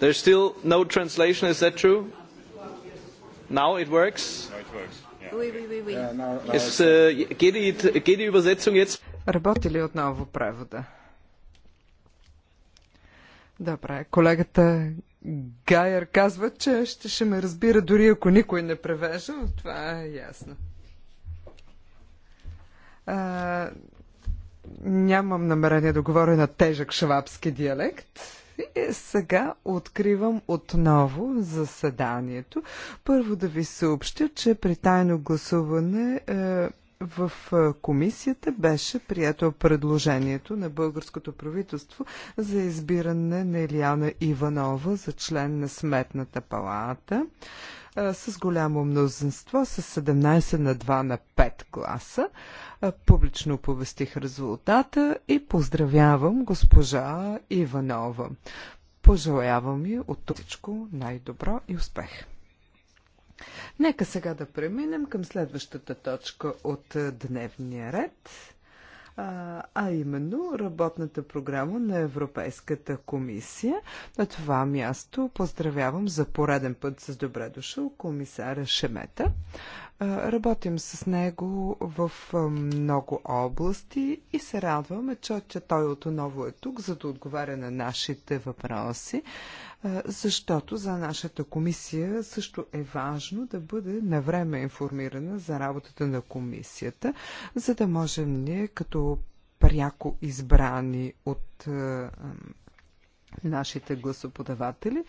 There's still no translation, is that true? Now it works? Работи ли отново превода? Добре, колегата Гайер казва, че ще, ще ме разбира дори ако никой не превежда, това е ясно. А, нямам намерение да говоря на тежък швабски диалект. И е, сега откривам отново заседанието. Първо да ви съобщя, че при тайно гласуване е, в е, комисията беше прието предложението на българското правителство за избиране на Ильяна Иванова за член на Сметната палата. Е, с голямо мнозинство, с 17 на 2 на 5 гласа. Публично оповестих резултата и поздравявам госпожа Иванова. Пожелавам ви от всичко най-добро и успех! Нека сега да преминем към следващата точка от дневния ред а, а именно работната програма на Европейската комисия. На това място поздравявам за пореден път с добре дошъл комисара Шемета. Работим с него в много области и се радваме, че, че той отново е тук, за да отговаря на нашите въпроси, защото за нашата комисия също е важно да бъде навреме информирана за работата на комисията, за да можем ние като пряко избрани от нашите гласоподаватели,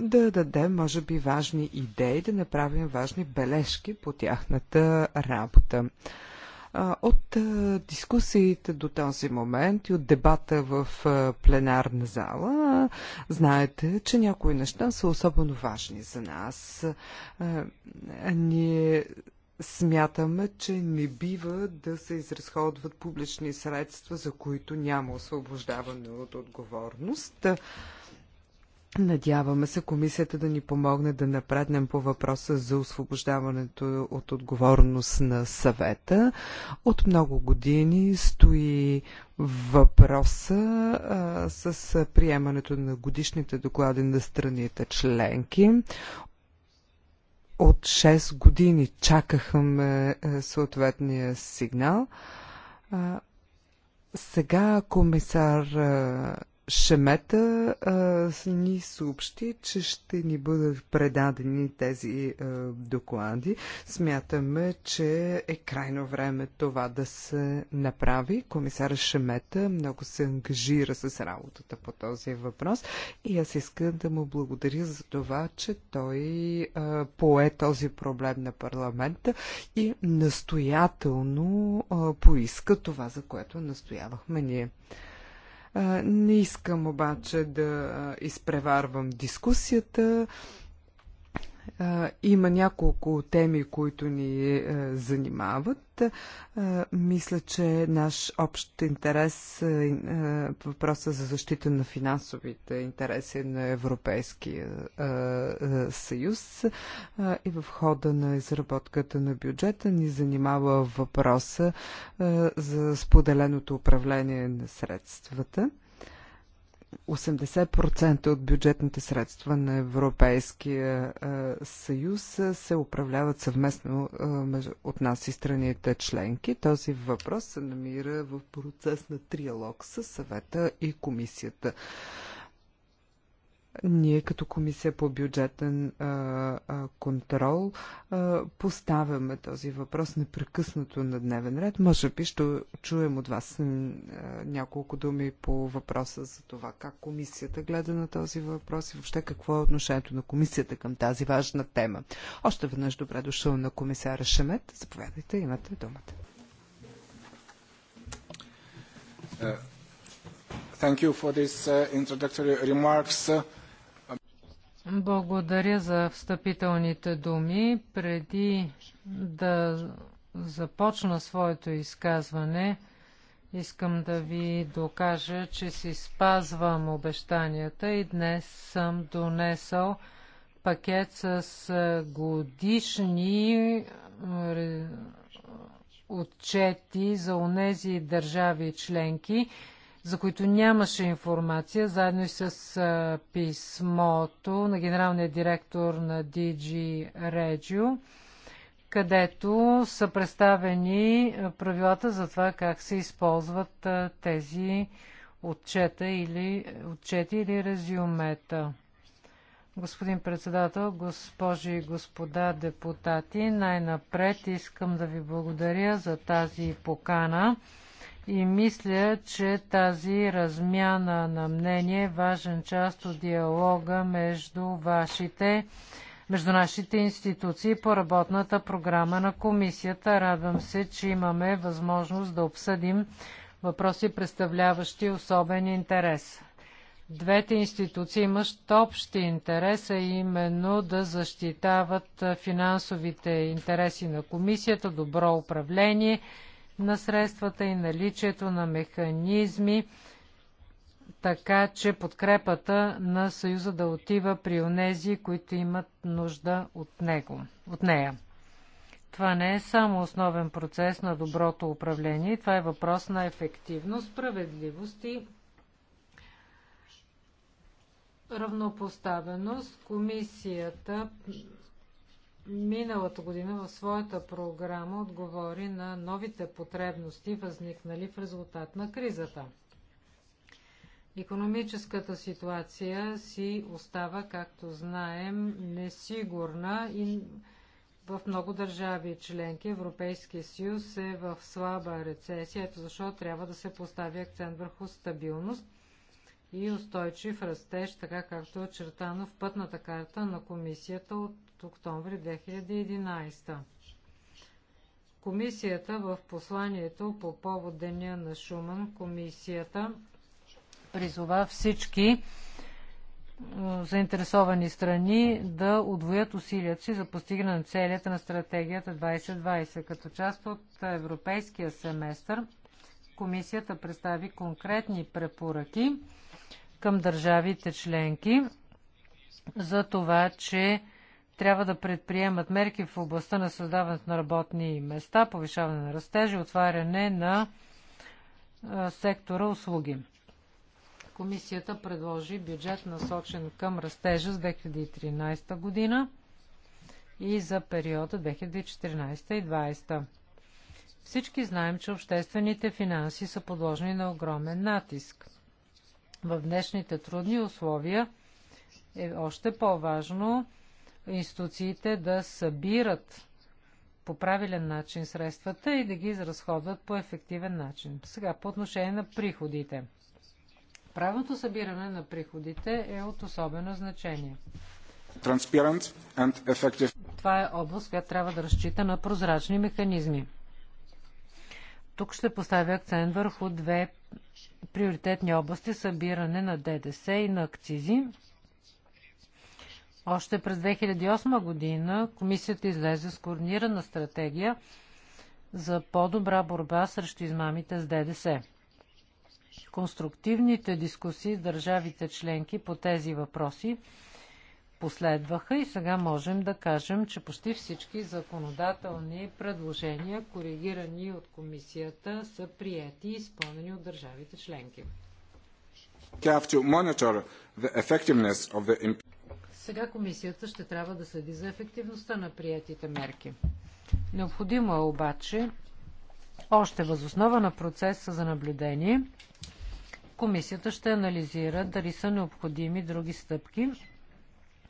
да дадем, може би, важни идеи, да направим важни бележки по тяхната работа. От дискусиите до този момент и от дебата в пленарна зала, знаете, че някои неща са особено важни за нас. Ние Смятаме, че не бива да се изразходват публични средства, за които няма освобождаване от отговорност. Надяваме се комисията да ни помогне да напреднем по въпроса за освобождаването от отговорност на съвета. От много години стои въпроса а, с приемането на годишните доклади на страните членки. От 6 години чакахме е, е, съответния сигнал. Сега комисар е, Шемета а, ни съобщи, че ще ни бъдат предадени тези а, доклади. Смятаме, че е крайно време това да се направи. Комисар Шемета много се ангажира с работата по този въпрос и аз искам да му благодаря за това, че той а, пое този проблем на парламента и настоятелно а, поиска това, за което настоявахме ние. Не искам обаче да изпреварвам дискусията. Има няколко теми, които ни е, занимават. Е, мисля, че наш общ интерес е, е, въпроса за защита на финансовите интереси на Европейския съюз и в хода на изработката на бюджета ни занимава въпроса за споделеното управление на средствата. 80% от бюджетните средства на Европейския е, съюз е, се управляват съвместно е, от нас и страните членки. Този въпрос се намира в процес на триалог с съвета и комисията. Ние като комисия по бюджетен а, а, контрол а, поставяме този въпрос непрекъснато на дневен ред. Може би ще чуем от вас а, няколко думи по въпроса за това как комисията гледа на този въпрос и въобще какво е отношението на комисията към тази важна тема. Още веднъж добре дошъл на комисара Шемет. Заповядайте, имате думата. Е, thank you for these е, introductory remarks. Благодаря за встъпителните думи. Преди да започна своето изказване, искам да ви докажа, че си спазвам обещанията и днес съм донесъл пакет с годишни е, отчети за онези държави членки, за които нямаше информация, заедно и с писмото на генералния директор на DG Regio, където са представени правилата за това как се използват тези отчета или, отчети или резюмета. Господин председател, госпожи и господа депутати, най-напред искам да ви благодаря за тази покана. И мисля, че тази размяна на мнение е важен част от диалога между вашите между нашите институции по работната програма на комисията. Радвам се, че имаме възможност да обсъдим въпроси, представляващи особен интерес. Двете институции имат общи интерес, а именно да защитават финансовите интереси на комисията, добро управление на средствата и наличието на механизми, така че подкрепата на Съюза да отива при онези, които имат нужда от, него, от нея. Това не е само основен процес на доброто управление, това е въпрос на ефективност, справедливост и равнопоставеност. Комисията миналата година в своята програма отговори на новите потребности, възникнали в резултат на кризата. Економическата ситуация си остава, както знаем, несигурна и в много държави членки Европейския съюз е в слаба рецесия. Ето защо трябва да се постави акцент върху стабилност и устойчив растеж, така както е очертано в пътната карта на комисията от октомври 2011. Комисията в посланието по повод деня на Шуман, комисията призова всички заинтересовани страни да удвоят усилията си за постигане на целията на стратегията 2020. Като част от европейския семестър, комисията представи конкретни препоръки към държавите членки за това, че трябва да предприемат мерки в областта на създаването на работни места, повишаване на растежи, отваряне на сектора услуги. Комисията предложи бюджет насочен към растежа с 2013 година и за периода 2014 и 2020. Всички знаем, че обществените финанси са подложени на огромен натиск. В днешните трудни условия е още по-важно институциите да събират по правилен начин средствата и да ги изразходват по ефективен начин. Сега, по отношение на приходите. Правилното събиране на приходите е от особено значение. Това е област, която трябва да разчита на прозрачни механизми. Тук ще поставя акцент върху две приоритетни области събиране на ДДС и на акцизи още през 2008 година комисията излезе с координирана стратегия за по-добра борба срещу измамите с ДДС. Конструктивните дискусии с държавите членки по тези въпроси последваха и сега можем да кажем, че почти всички законодателни предложения, коригирани от комисията, са прияти и изпълнени от държавите членки. Сега комисията ще трябва да следи за ефективността на приятите мерки. Необходимо е обаче още възоснова на процеса за наблюдение комисията ще анализира дали са необходими други стъпки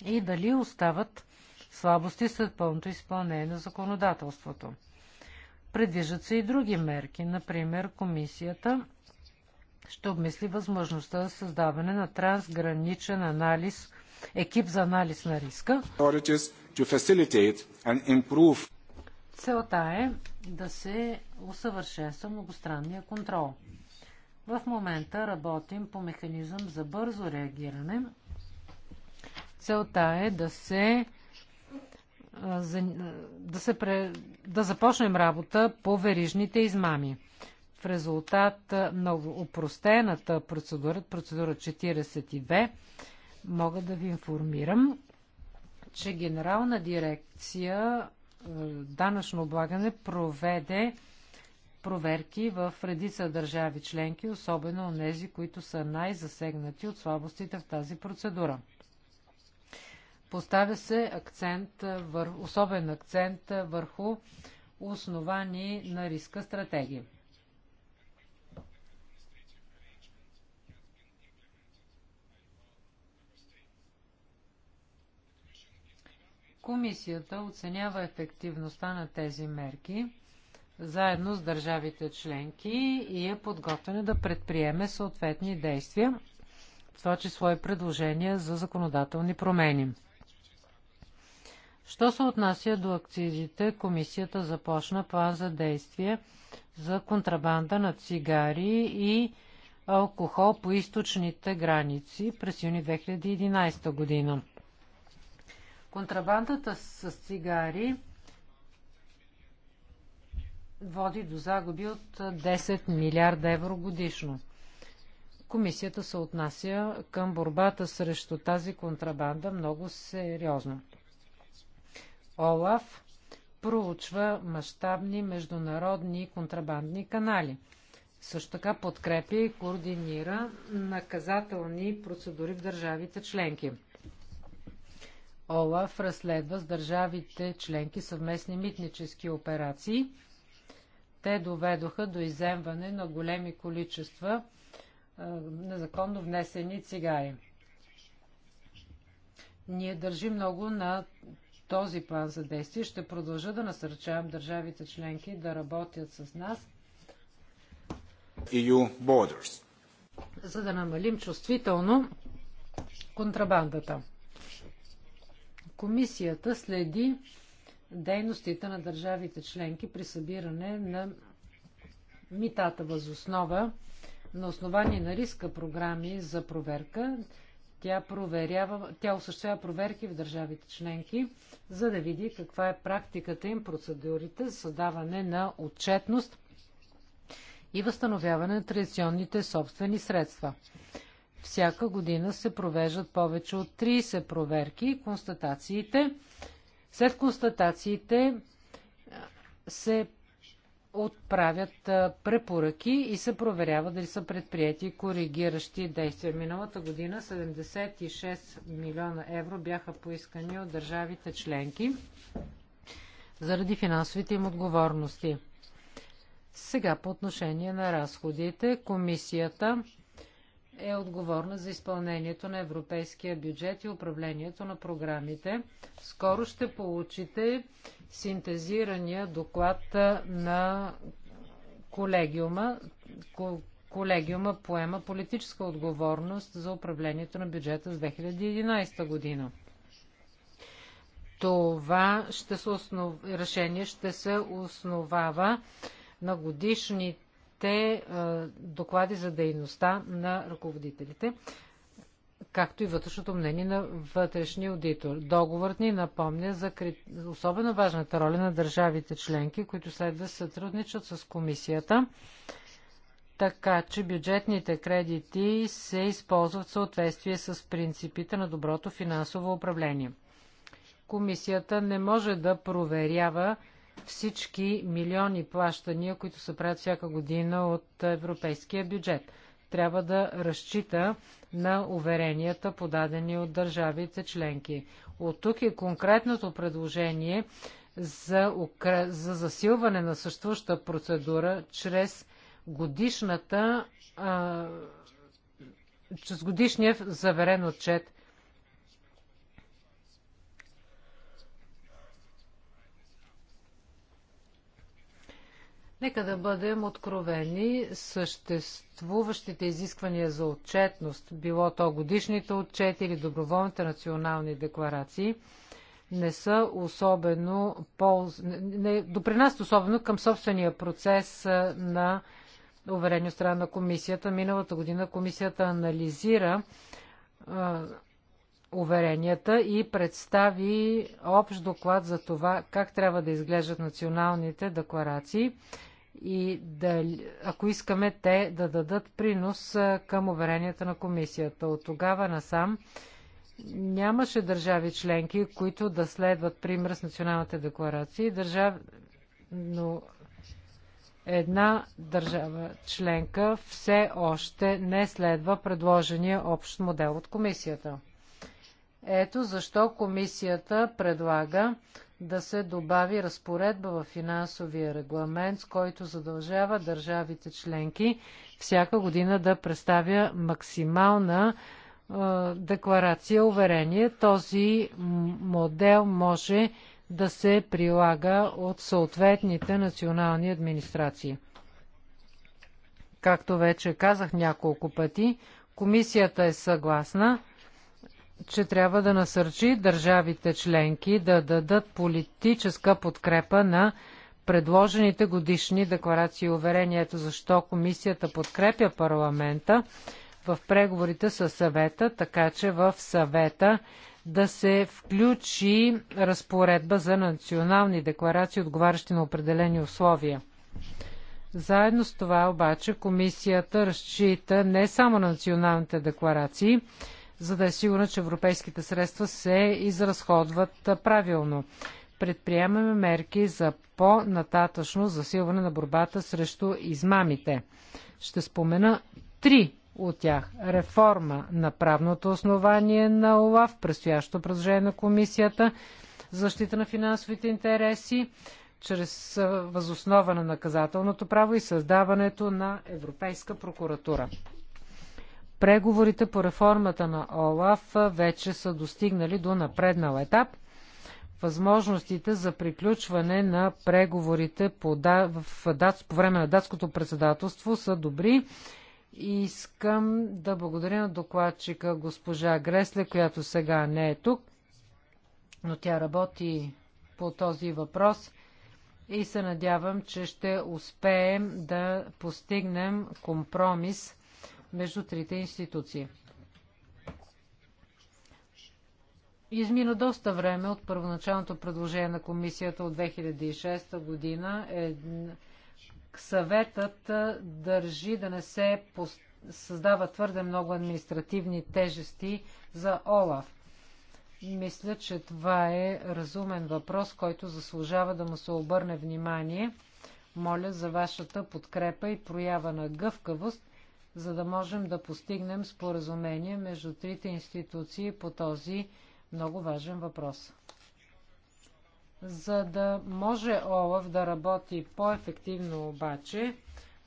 и дали остават слабости след пълното изпълнение на законодателството. Предвиждат се и други мерки. Например, комисията ще обмисли възможността за създаване на трансграничен анализ – екип за анализ на риска. Целта е да се усъвършенства многостранния контрол. В момента работим по механизъм за бързо реагиране. Целта е да се да, се да започнем работа по верижните измами. В резултат на упростената процедура, процедура 42, Мога да ви информирам, че Генерална дирекция е, данъчно облагане проведе проверки в редица държави членки, особено тези, които са най-засегнати от слабостите в тази процедура. Поставя се акцент, е, особен акцент е, върху основани на риска стратегии. Комисията оценява ефективността на тези мерки заедно с държавите членки и е подготвена да предприеме съответни действия, в това число и предложения за законодателни промени. Що се отнася до акцизите, комисията започна план за действие за контрабанда на цигари и алкохол по източните граници през юни 2011 година. Контрабандата с цигари води до загуби от 10 милиарда евро годишно. Комисията се отнася към борбата срещу тази контрабанда много сериозно. ОЛАФ проучва мащабни международни контрабандни канали. Също така подкрепя и координира наказателни процедури в държавите членки. ОЛАФ разследва с държавите членки съвместни митнически операции. Те доведоха до иземване на големи количества а, незаконно внесени цигари. Ние държим много на този план за действие. Ще продължа да насърчавам държавите членки да работят с нас, e за да намалим чувствително контрабандата. Комисията следи дейностите на държавите членки при събиране на митата възоснова на основание на риска програми за проверка. Тя, проверява, тя осъществява проверки в държавите членки, за да види каква е практиката им, процедурите за създаване на отчетност и възстановяване на традиционните собствени средства. Всяка година се провеждат повече от 30 проверки и констатациите. След констатациите се отправят препоръки и се проверява дали са предприяти коригиращи действия. Миналата година 76 милиона евро бяха поискани от държавите членки заради финансовите им отговорности. Сега по отношение на разходите, комисията е отговорна за изпълнението на европейския бюджет и управлението на програмите. Скоро ще получите синтезирания доклад на колегиума. Колегиума поема политическа отговорност за управлението на бюджета с 2011 година. Това ще се основ... решение ще се основава на годишните те е, доклади за дейността на ръководителите, както и вътрешното мнение на вътрешния аудитор. Договорът ни напомня за особено важната роля на държавите членки, които следва да сътрудничат с комисията, така че бюджетните кредити се използват в съответствие с принципите на доброто финансово управление. Комисията не може да проверява всички милиони плащания, които се правят всяка година от европейския бюджет. Трябва да разчита на уверенията, подадени от държавите членки. От тук е конкретното предложение за, укра... за засилване на съществуваща процедура чрез годишната а... чрез годишния заверен отчет – Нека да бъдем откровени. Съществуващите изисквания за отчетност, било то годишните отчети или доброволните национални декларации, не са особено полз... не допринасят особено към собствения процес на уверение страна на комисията. Миналата година комисията анализира уверенията и представи общ доклад за това как трябва да изглеждат националните декларации и да, ако искаме те да дадат принос към уверенията на комисията. От тогава насам нямаше държави членки, които да следват пример с националните декларации. Държав... Но една държава членка все още не следва предложения общ модел от комисията. Ето защо комисията предлага да се добави разпоредба в финансовия регламент, с който задължава държавите членки всяка година да представя максимална е, декларация, уверение. Този модел може да се прилага от съответните национални администрации. Както вече казах няколко пъти, комисията е съгласна – че трябва да насърчи държавите членки да дадат политическа подкрепа на предложените годишни декларации и уверения. Ето защо комисията подкрепя парламента в преговорите с съвета, така че в съвета да се включи разпоредба за национални декларации, отговарящи на определени условия. Заедно с това обаче комисията разчита не само на националните декларации, за да е сигурна, че европейските средства се изразходват правилно. Предприемаме мерки за по-нататъчно засилване на борбата срещу измамите. Ще спомена три от тях. Реформа на правното основание на ОЛАВ, предстоящо предложение на комисията, защита на финансовите интереси, чрез възоснова на наказателното право и създаването на Европейска прокуратура. Преговорите по реформата на ОЛАФ вече са достигнали до напреднал етап. Възможностите за приключване на преговорите по, да, в, дат, по време на датското председателство са добри. Искам да благодаря на докладчика госпожа Гресле, която сега не е тук, но тя работи по този въпрос и се надявам, че ще успеем да постигнем компромис между трите институции. Измина доста време от първоначалното предложение на комисията от 2006 година. Е, съветът държи да не се създава твърде много административни тежести за ОЛАФ. Мисля, че това е разумен въпрос, който заслужава да му се обърне внимание. Моля за вашата подкрепа и проява на гъвкавост, за да можем да постигнем споразумение между трите институции по този много важен въпрос. За да може ОЛАВ да работи по-ефективно обаче,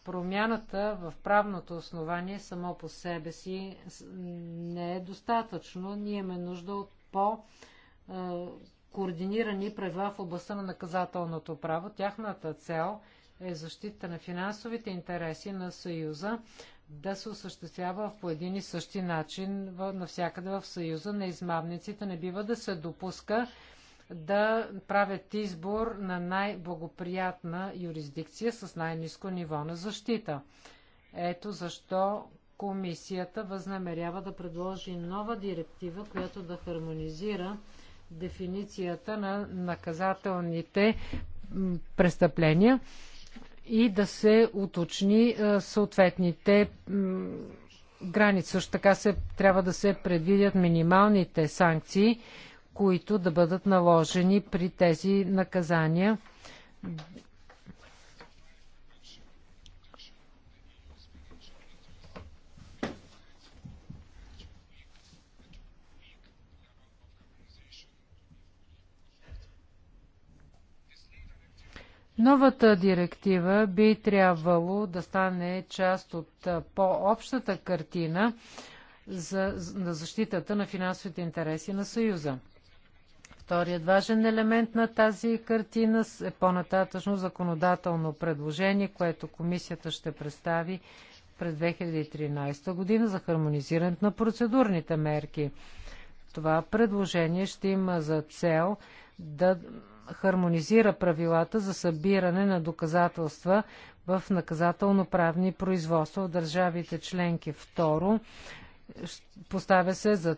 промяната в правното основание само по себе си не е достатъчно. Ние имаме нужда от по-координирани правила в областта на наказателното право. Тяхната цел е защита на финансовите интереси на Съюза да се осъществява по един и същи начин навсякъде в Съюза. На измамниците не бива да се допуска да правят избор на най-благоприятна юрисдикция с най-низко ниво на защита. Ето защо комисията възнамерява да предложи нова директива, която да хармонизира дефиницията на наказателните престъпления и да се уточни е, съответните граници. Също така се, трябва да се предвидят минималните санкции, които да бъдат наложени при тези наказания. Новата директива би трябвало да стане част от по-общата картина за, на защитата на финансовите интереси на Съюза. Вторият важен елемент на тази картина е по-нататъчно законодателно предложение, което комисията ще представи през 2013 година за хармонизирането на процедурните мерки. Това предложение ще има за цел да хармонизира правилата за събиране на доказателства в наказателно-правни производства от държавите членки. Второ, поставя се за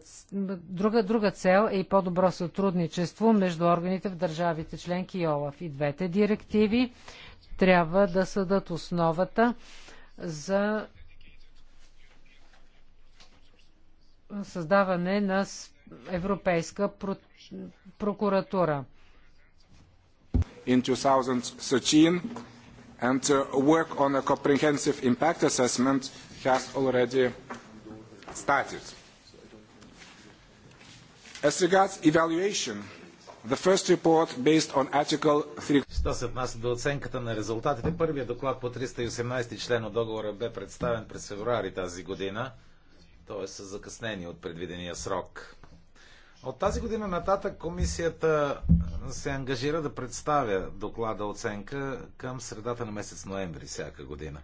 друга, друга цел е и по-добро сътрудничество между органите в държавите членки и ОЛАФ. И двете директиви трябва да съдат основата за създаване на европейска прокуратура in 2013, and uh, work on a comprehensive impact assessment has already started. As regards evaluation, the first report based on Article 3... Що се отнася до оценката на резултатите, първият доклад по 318 член от договора бе представен през февруари тази година, т.е. с закъснение от предвидения срок. От тази година нататък комисията се ангажира да представя доклада оценка към средата на месец ноември всяка година.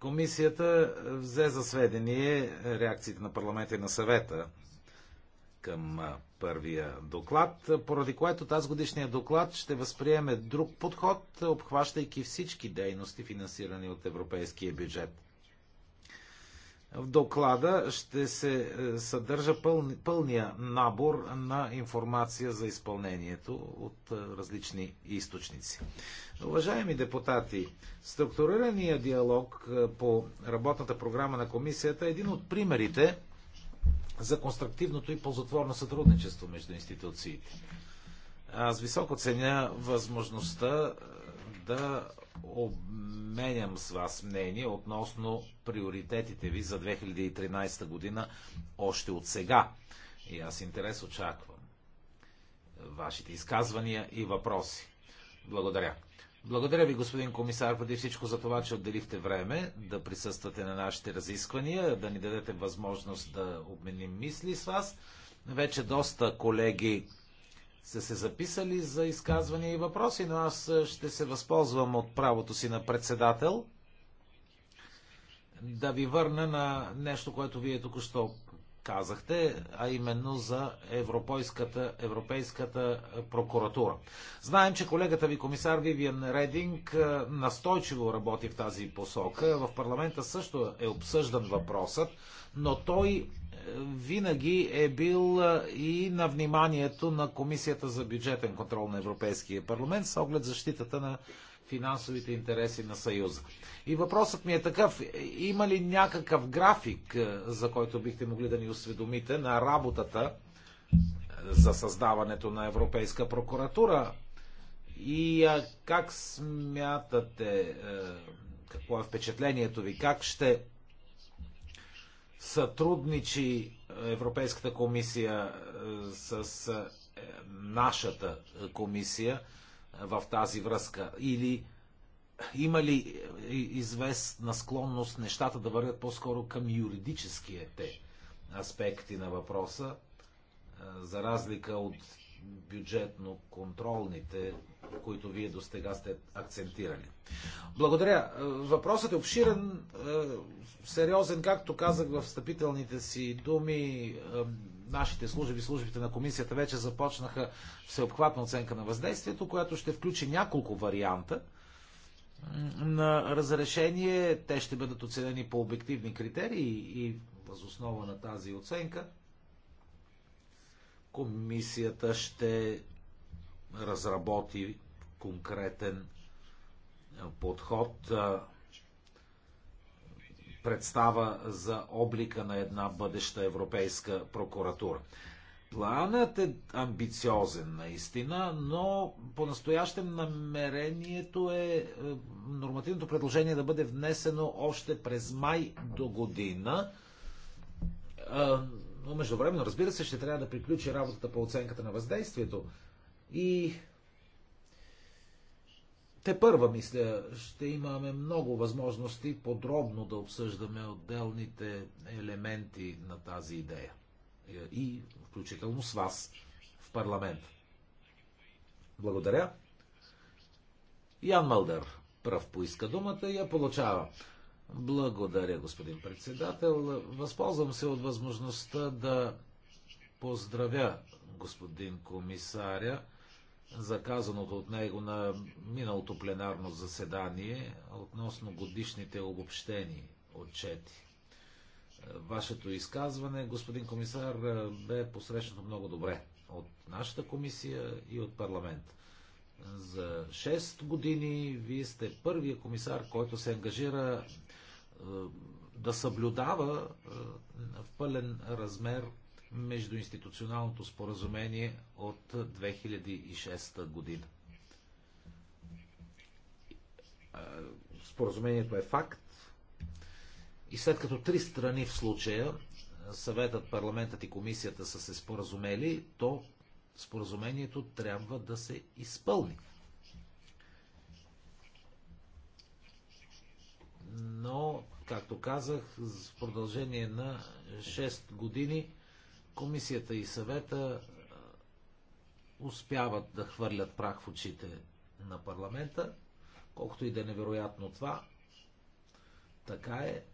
Комисията взе за сведение реакциите на парламента и на съвета към първия доклад, поради което тази годишния доклад ще възприеме друг подход, обхващайки всички дейности, финансирани от европейския бюджет – в доклада ще се е, съдържа пъл, пълния набор на информация за изпълнението от е, различни източници. Уважаеми депутати, структурирания диалог е, по работната програма на комисията е един от примерите за конструктивното и ползотворно сътрудничество между институциите. Аз високо ценя възможността да обменям с вас мнение относно приоритетите ви за 2013 година още от сега. И аз интерес очаквам вашите изказвания и въпроси. Благодаря. Благодаря ви, господин комисар, преди всичко за това, че отделихте време да присъствате на нашите разисквания, да ни дадете възможност да обменим мисли с вас. Вече доста колеги са се записали за изказвания и въпроси, но аз ще се възползвам от правото си на председател да ви върна на нещо, което вие току-що казахте, а именно за Европейската, Европейската прокуратура. Знаем, че колегата ви комисар Вивиан Рединг настойчиво работи в тази посока. В парламента също е обсъждан въпросът, но той винаги е бил и на вниманието на Комисията за бюджетен контрол на Европейския парламент с оглед защитата на финансовите интереси на Съюза. И въпросът ми е такъв, има ли някакъв график, за който бихте могли да ни осведомите на работата за създаването на Европейска прокуратура и как смятате, какво е впечатлението ви, как ще сътрудничи Европейската комисия е, с е, нашата комисия е, в тази връзка? Или има ли известна склонност нещата да вървят по-скоро към юридическите аспекти на въпроса, за разлика от бюджетно-контролните, които вие до сега сте акцентирали. Благодаря. Е, въпросът е обширен, е, сериозен, както казах в встъпителните си думи. Е, нашите служби, службите на комисията вече започнаха всеобхватна оценка на въздействието, която ще включи няколко варианта на разрешение. Те ще бъдат оценени по обективни критерии и възоснова на тази оценка – Комисията ще разработи конкретен подход, представа за облика на една бъдеща европейска прокуратура. Планът е амбициозен наистина, но по-настоящем намерението е, е нормативното предложение да бъде внесено още през май до година но междувременно, разбира се, ще трябва да приключи работата по оценката на въздействието. И те първа, мисля, ще имаме много възможности подробно да обсъждаме отделните елементи на тази идея. И включително с вас в парламент. Благодаря. Ян Малдър пръв поиска думата и я получава. Благодаря, господин председател. Възползвам се от възможността да поздравя господин комисаря за казаното от него на миналото пленарно заседание относно годишните обобщени отчети. Вашето изказване, господин комисар, бе посрещнато много добре от нашата комисия и от парламент. За 6 години вие сте първия комисар, който се ангажира е, да съблюдава в е, пълен размер междуинституционалното споразумение от 2006 година. Е, споразумението е факт и след като три страни в случая, съветът, парламентът и комисията са се споразумели, то споразумението трябва да се изпълни. но, както казах, в продължение на 6 години комисията и съвета успяват да хвърлят прах в очите на парламента, колкото и да е невероятно това. Така е.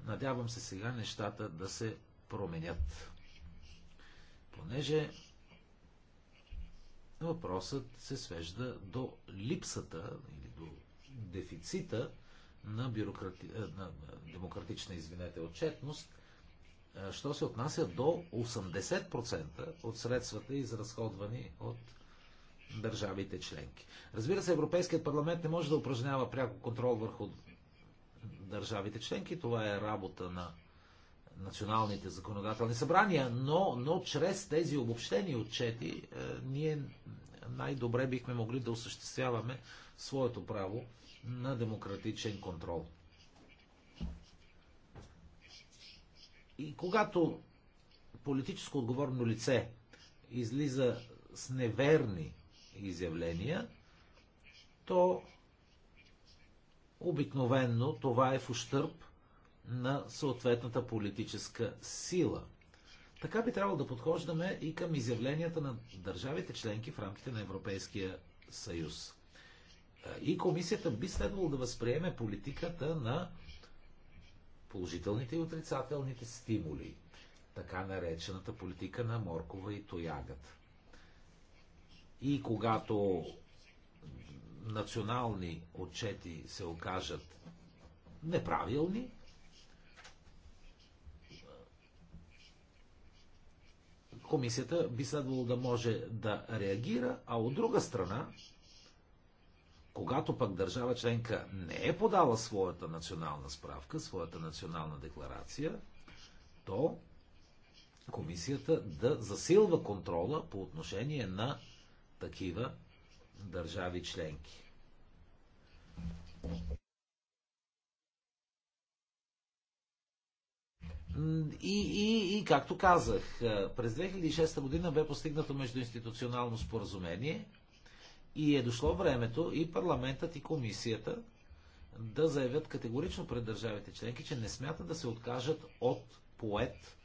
Надявам се сега нещата да се променят. Понеже въпросът се свежда до липсата или до дефицита на, бюрократи... Е, на демократична извинете, отчетност, е, що се отнася до 80% от средствата, изразходвани от държавите членки. Разбира се, Европейският парламент не може да упражнява пряко контрол върху държавите членки. Това е работа на националните законодателни събрания, но, но чрез тези обобщени отчети е, ние най-добре бихме могли да осъществяваме своето право на демократичен контрол. И когато политическо отговорно лице излиза с неверни изявления, то обикновенно това е в ущърп на съответната политическа сила. Така би трябвало да подхождаме и към изявленията на държавите членки в рамките на Европейския съюз. И комисията би следвало да възприеме политиката на положителните и отрицателните стимули, така наречената политика на моркова и тоягата. И когато национални отчети се окажат неправилни, комисията би следвало да може да реагира, а от друга страна когато пък държава членка не е подала своята национална справка, своята национална декларация, то комисията да засилва контрола по отношение на такива държави членки. И, и, и, както казах, през 2006 година бе постигнато междуинституционално споразумение – и е дошло времето и парламентът и комисията да заявят категорично пред държавите членки, че не смятат да се откажат от поет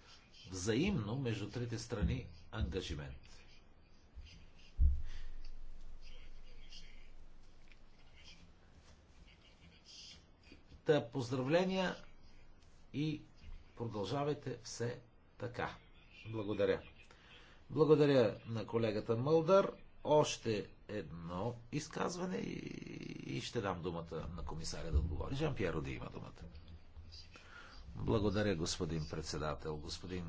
взаимно между трите страни ангажимент. Та поздравления и продължавайте все така. Благодаря. Благодаря на колегата Мълдър. Още едно изказване и ще дам думата на комисаря да отговори. Жан Пьеро да има думата. Благодаря, господин председател. Господин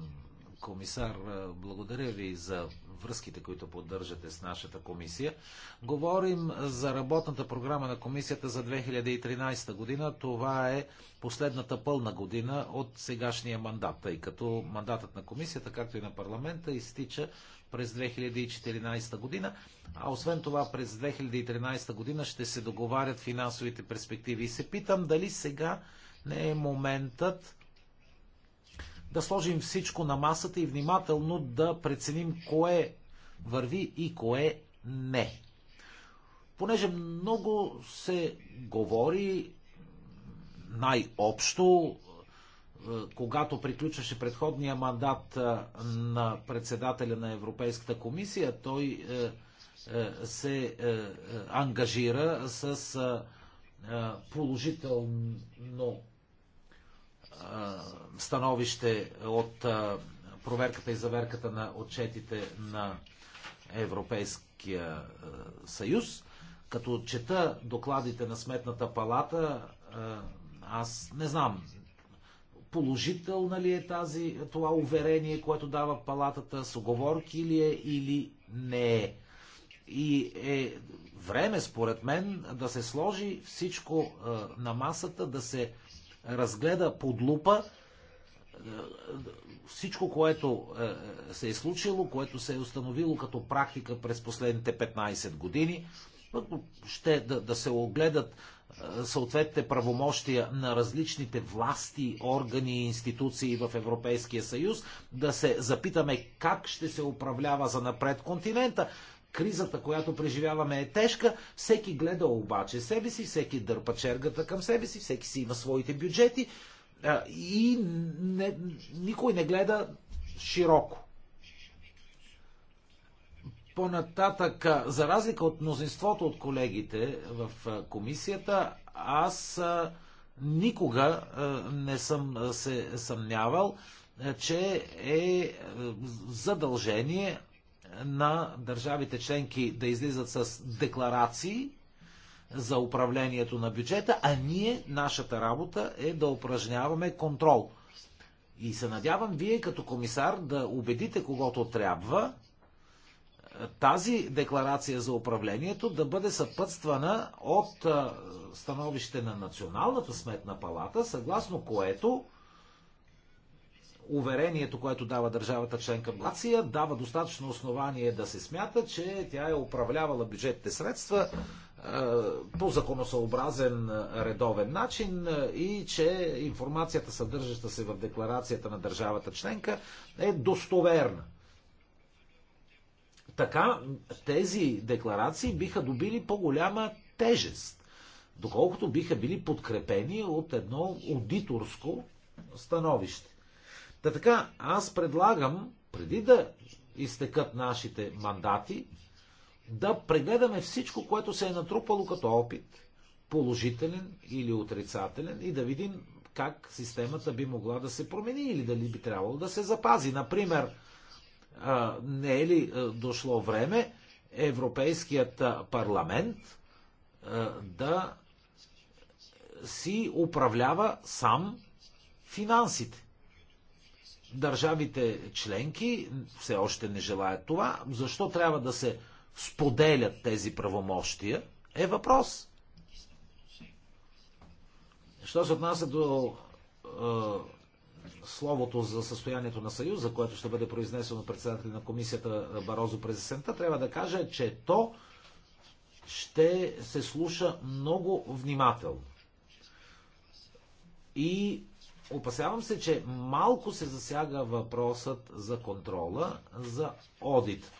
комисар, е, благодаря ви за връзките, които поддържате с нашата комисия. Говорим за работната програма на комисията за 2013 година. Това е последната пълна година от сегашния мандат, тъй като мандатът на комисията, както и на парламента, изтича през 2014 година. А освен това, през 2013 година ще се договарят финансовите перспективи. И се питам дали сега не е моментът да сложим всичко на масата и внимателно да преценим кое върви и кое не. Понеже много се говори най-общо, е, когато приключваше предходния мандат е, на председателя на Европейската комисия, той е, се ангажира с положително становище от проверката и заверката на отчетите на Европейския съюз. Като чета докладите на Сметната палата, аз не знам положителна ли е тази, това уверение, което дава палатата, с оговорки ли е или не е. И е време, според мен, да се сложи всичко на масата, да се разгледа под лупа е, всичко, което е, се е случило, което се е установило като практика през последните 15 години, ще да, да се огледат е, съответните правомощия на различните власти, органи и институции в Европейския съюз, да се запитаме как ще се управлява за напред континента. Кризата, която преживяваме е тежка, всеки гледа обаче себе си, всеки дърпа чергата към себе си, всеки си има своите бюджети и не, никой не гледа широко. По-нататък, за разлика от мнозинството от колегите в комисията, аз никога не съм се съмнявал, че е задължение на държавите членки да излизат с декларации за управлението на бюджета, а ние, нашата работа е да упражняваме контрол. И се надявам вие като комисар да убедите когото трябва е, тази декларация за управлението да бъде съпътствана от е, становище на Националната сметна палата, съгласно което уверението, което дава държавата членка Грация, дава достатъчно основание да се смята, че тя е управлявала бюджетните средства е, по законосъобразен е, редовен начин е, и че информацията, съдържаща се в декларацията на държавата членка, е достоверна. Така тези декларации биха добили по-голяма тежест, доколкото биха били подкрепени от едно аудиторско становище. Та така, аз предлагам, преди да изтекат нашите мандати, да прегледаме всичко, което се е натрупало като опит, положителен или отрицателен, и да видим как системата би могла да се промени или дали би трябвало да се запази. Например, не е ли дошло време Европейският парламент да си управлява сам финансите? Държавите членки все още не желаят това. Защо трябва да се споделят тези правомощия е въпрос. Що се отнася до е, словото за състоянието на Съюза, което ще бъде произнесено председателя на комисията Барозо през есента, трябва да кажа, че то ще се слуша много внимателно. И опасявам се, че малко се засяга въпросът за контрола, за одит.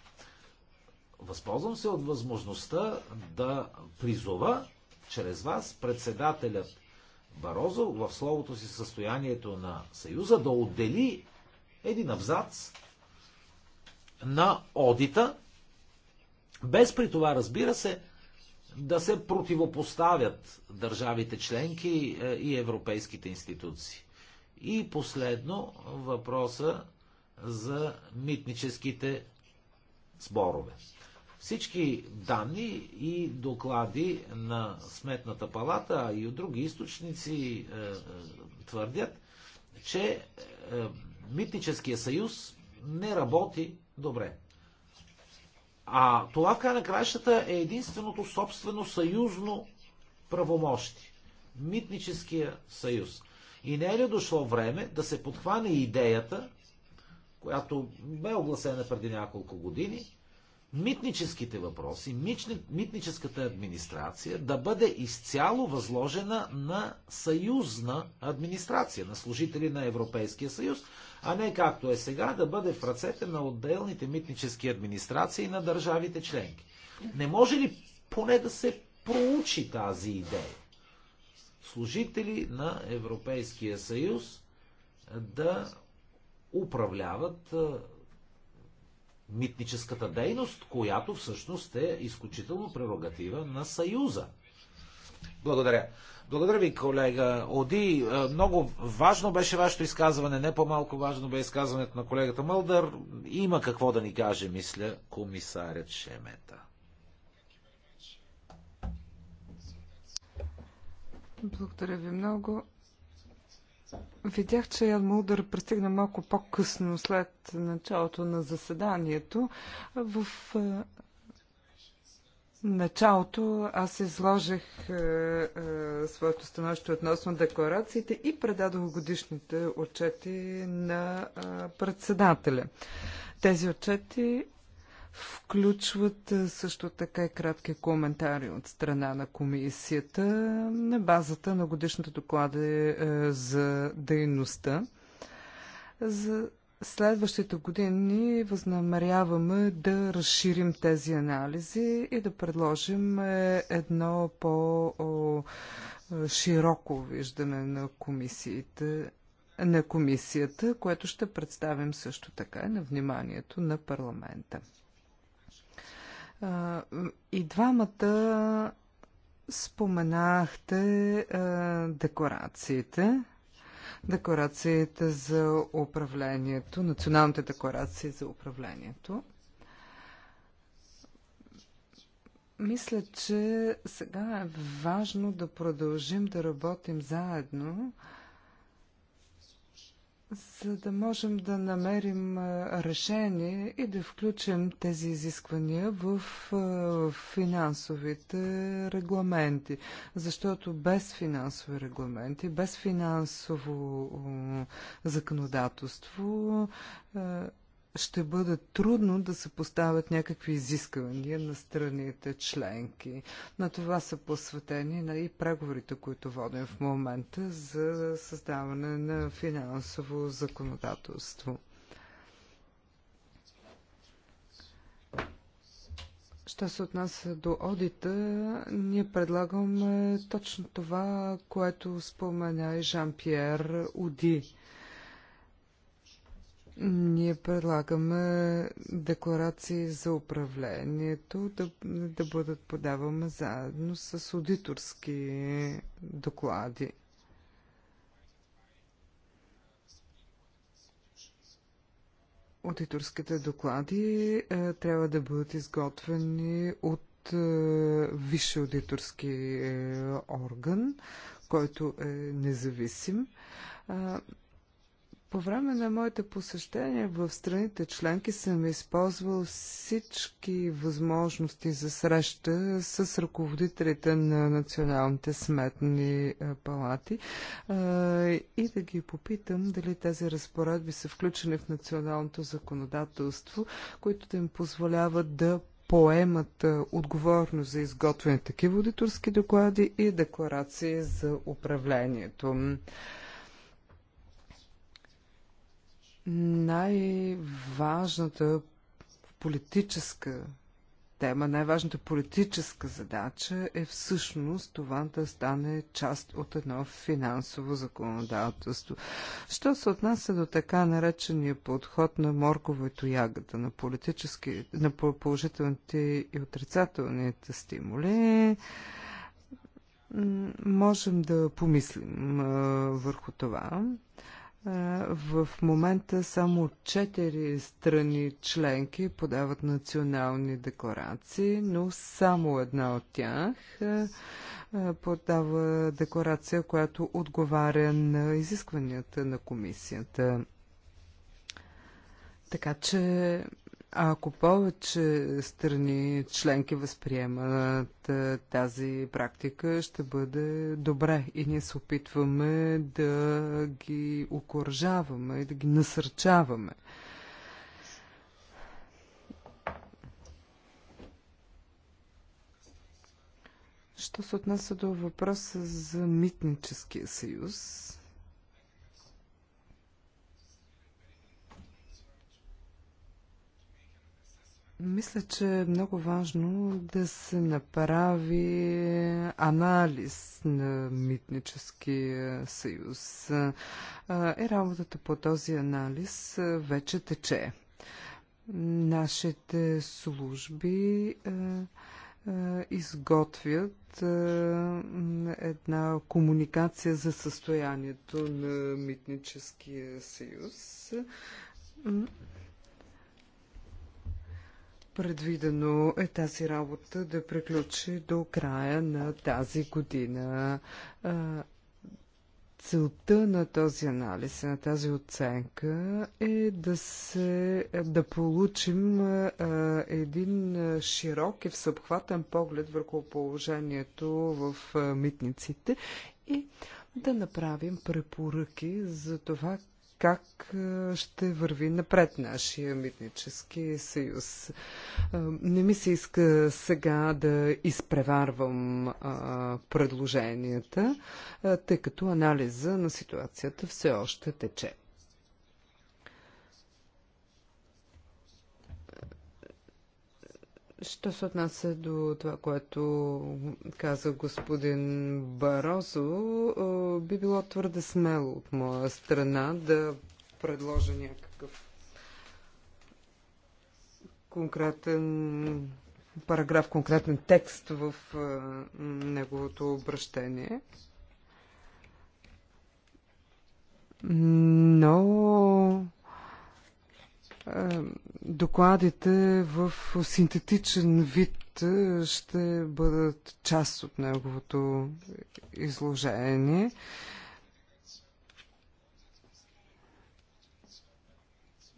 Възползвам се от възможността да призова чрез вас председателят Барозо в словото си състоянието на Съюза да отдели един абзац на одита, без при това, разбира се, да се противопоставят държавите членки е, и европейските институции. И последно, въпроса за митническите сборове. Всички данни и доклади на Сметната палата, а и от други източници е, е твърдят, че е, Митническия съюз не работи добре. А това в край на краищата е единственото собствено съюзно правомощи. Митническия съюз. И не е ли дошло време да се подхване идеята, която бе огласена преди няколко години, митническите въпроси, митническата администрация да бъде изцяло възложена на съюзна администрация, на служители на Европейския съюз, а не както е сега да бъде в ръцете на отделните митнически администрации на държавите членки. Не може ли поне да се проучи тази идея? служители на Европейския съюз да управляват митническата дейност, която всъщност е изключително прерогатива на Съюза. Благодаря. Благодаря ви, колега Оди. Много важно беше вашето изказване, не по-малко важно бе изказването на колегата Мълдър. Има какво да ни каже, мисля, комисарят Шемета. Благодаря ви много. Видях, че Ян Мулдър пристигна малко по-късно след началото на заседанието. В е, началото аз изложих е, е, своето становище относно декларациите и предадох годишните отчети на председателя. Тези отчети включват е, също така и кратки коментари от страна на комисията на базата на годишните доклади е, е, за дейността. За следващите години възнамеряваме да разширим тези анализи и да предложим едно по-широко виждане на комисиите на комисията, което ще представим също така на вниманието на парламента. И двамата споменахте декларациите. Декларациите за управлението, националните декларации за управлението. Мисля, че сега е важно да продължим да работим заедно, за да можем да намерим решение и да включим тези изисквания в финансовите регламенти. Защото без финансови регламенти, без финансово законодателство ще бъде трудно да се поставят някакви изисквания на страните членки. На това са посветени на и преговорите, които водим в момента за създаване на финансово законодателство. Що се отнася до одита, ние предлагаме точно това, което спомена и Жан-Пьер Уди ние предлагаме декларации за управлението да, да бъдат подаваме заедно с аудиторски доклади. Аудиторските доклади е, трябва да бъдат изготвени от е, висше аудиторски е, орган, който е независим. Е, по време на моите посещения в страните членки съм използвал всички възможности за среща с ръководителите на националните сметни е, палати е, и да ги попитам дали тези разпоредби са включени в националното законодателство, които да им позволяват да поемат е, отговорност за изготвяне такива аудиторски доклади и декларации за управлението най-важната политическа тема, най-важната политическа задача е всъщност това да стане част от едно финансово законодателство. Що се отнася до така наречения подход на морковото ягата, на, политически, на положителните и отрицателните стимули, можем да помислим а, върху това. Е, в момента само четири страни членки подават национални декларации, но само една от тях е, е, подава декларация, която отговаря на изискванията на комисията. Така че ако повече страни членки възприемат е, тази практика, ще бъде добре и ние се опитваме да ги окоръжаваме и да ги насърчаваме. Що се отнася до въпроса за митническия съюз, Мисля, че е много важно да се направи анализ на митническия съюз. Е работата по този анализ вече тече. Нашите служби изготвят една комуникация за състоянието на митническия съюз. Предвидено е тази работа да приключи до края на тази година. Целта на този анализ, на тази оценка е да, се, да получим един широк и всъобхватен поглед върху положението в митниците и да направим препоръки за това как е, ще върви напред нашия митнически съюз. Е, не ми се иска сега да изпреварвам е, предложенията, тъй като анализа на ситуацията все още тече. Що се отнася до това, което каза господин Барозо, би било твърде смело от моя страна да предложа някакъв конкретен параграф, конкретен текст в е, неговото обращение. Но е, докладите в синтетичен вид е, ще бъдат част от неговото изложение.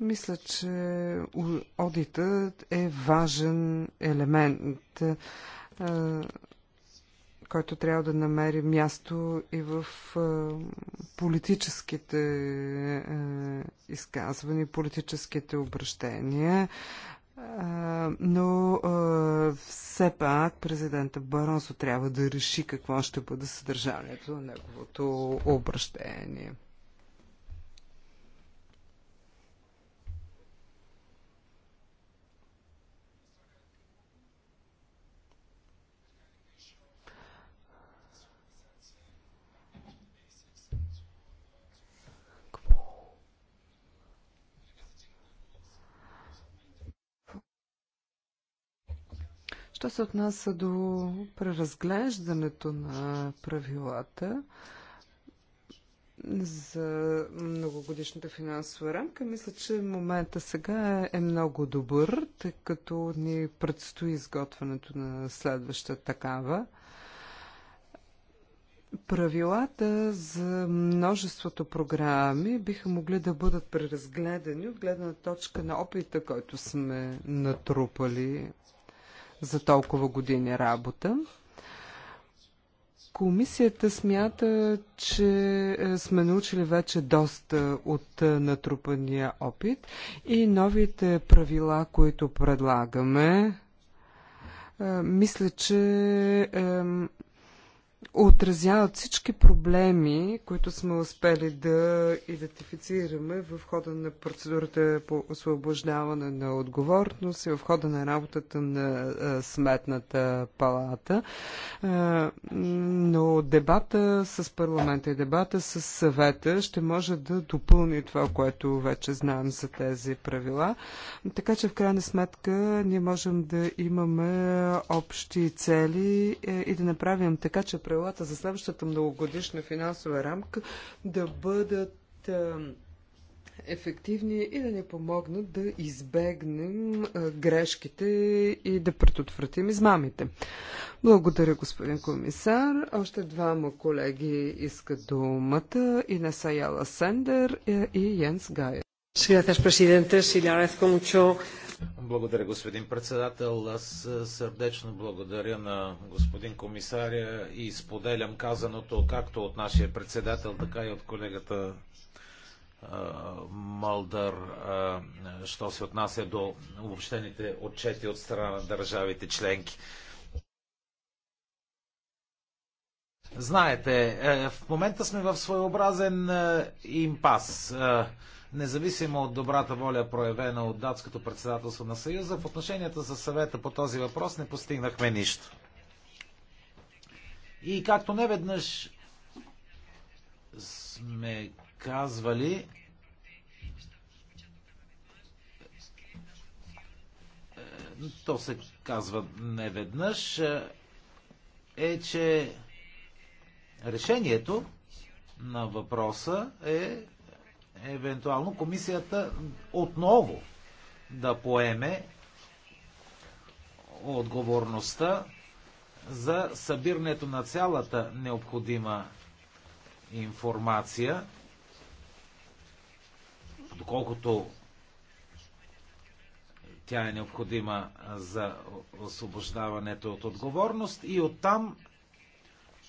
Мисля, че одитът е важен елемент е, който трябва да намери място и в политическите изказвания, политическите обращения. Но все пак президента Баронсо трябва да реши какво ще бъде съдържанието на неговото обращение. Що се отнася до преразглеждането на правилата за многогодишната финансова рамка, мисля, че момента сега е много добър, тъй като ни предстои изготвянето на следваща такава. Правилата за множеството програми биха могли да бъдат преразгледани от гледна точка на опита, който сме натрупали за толкова години работа. Комисията смята, че е, сме научили вече доста от е, натрупания опит и новите правила, които предлагаме, е, мисля, че отразяват всички проблеми, които сме успели да идентифицираме в хода на процедурата по освобождаване на отговорност и в хода на работата на Сметната палата. Но дебата с парламента и дебата с съвета ще може да допълни това, което вече знаем за тези правила. Така че в крайна сметка ние можем да имаме общи цели е, и да направим така, че правилата за следващата многогодишна финансова рамка да бъдат ефективни и да ни помогнат да избегнем грешките и да предотвратим измамите. Благодаря, господин комисар. Още двама колеги искат думата. Инеса Яла Сендер е, и Йенс Гайер. Gracias, presidente. Sí, le agradezco mucho благодаря, господин председател. Аз е, сърдечно благодаря на господин комисаря и споделям казаното както от нашия председател, така и от колегата е, Мълдър, е, що се отнася до обобщените отчети от страна на държавите членки. Знаете, в момента сме в своеобразен импас. Независимо от добрата воля, проявена от датското председателство на Съюза, в отношенията с съвета по този въпрос не постигнахме нищо. И както не веднъж сме казвали, то се казва не веднъж, е, че решението на въпроса е евентуално комисията отново да поеме отговорността за събирането на цялата необходима информация, доколкото тя е необходима за освобождаването от отговорност и оттам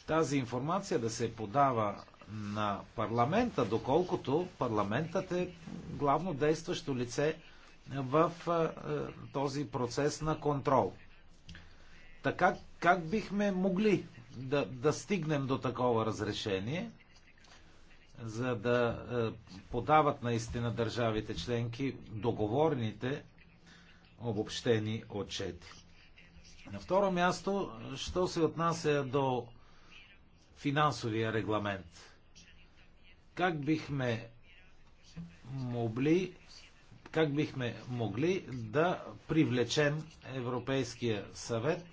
тази информация да се подава на парламента, доколкото парламентът е главно действащо лице в е, този процес на контрол. Така как бихме могли да, да стигнем до такова разрешение, за да е, подават наистина държавите членки договорните обобщени отчети. На второ място, що се отнася до финансовия регламент как бихме могли как бихме могли да привлечем Европейския съвет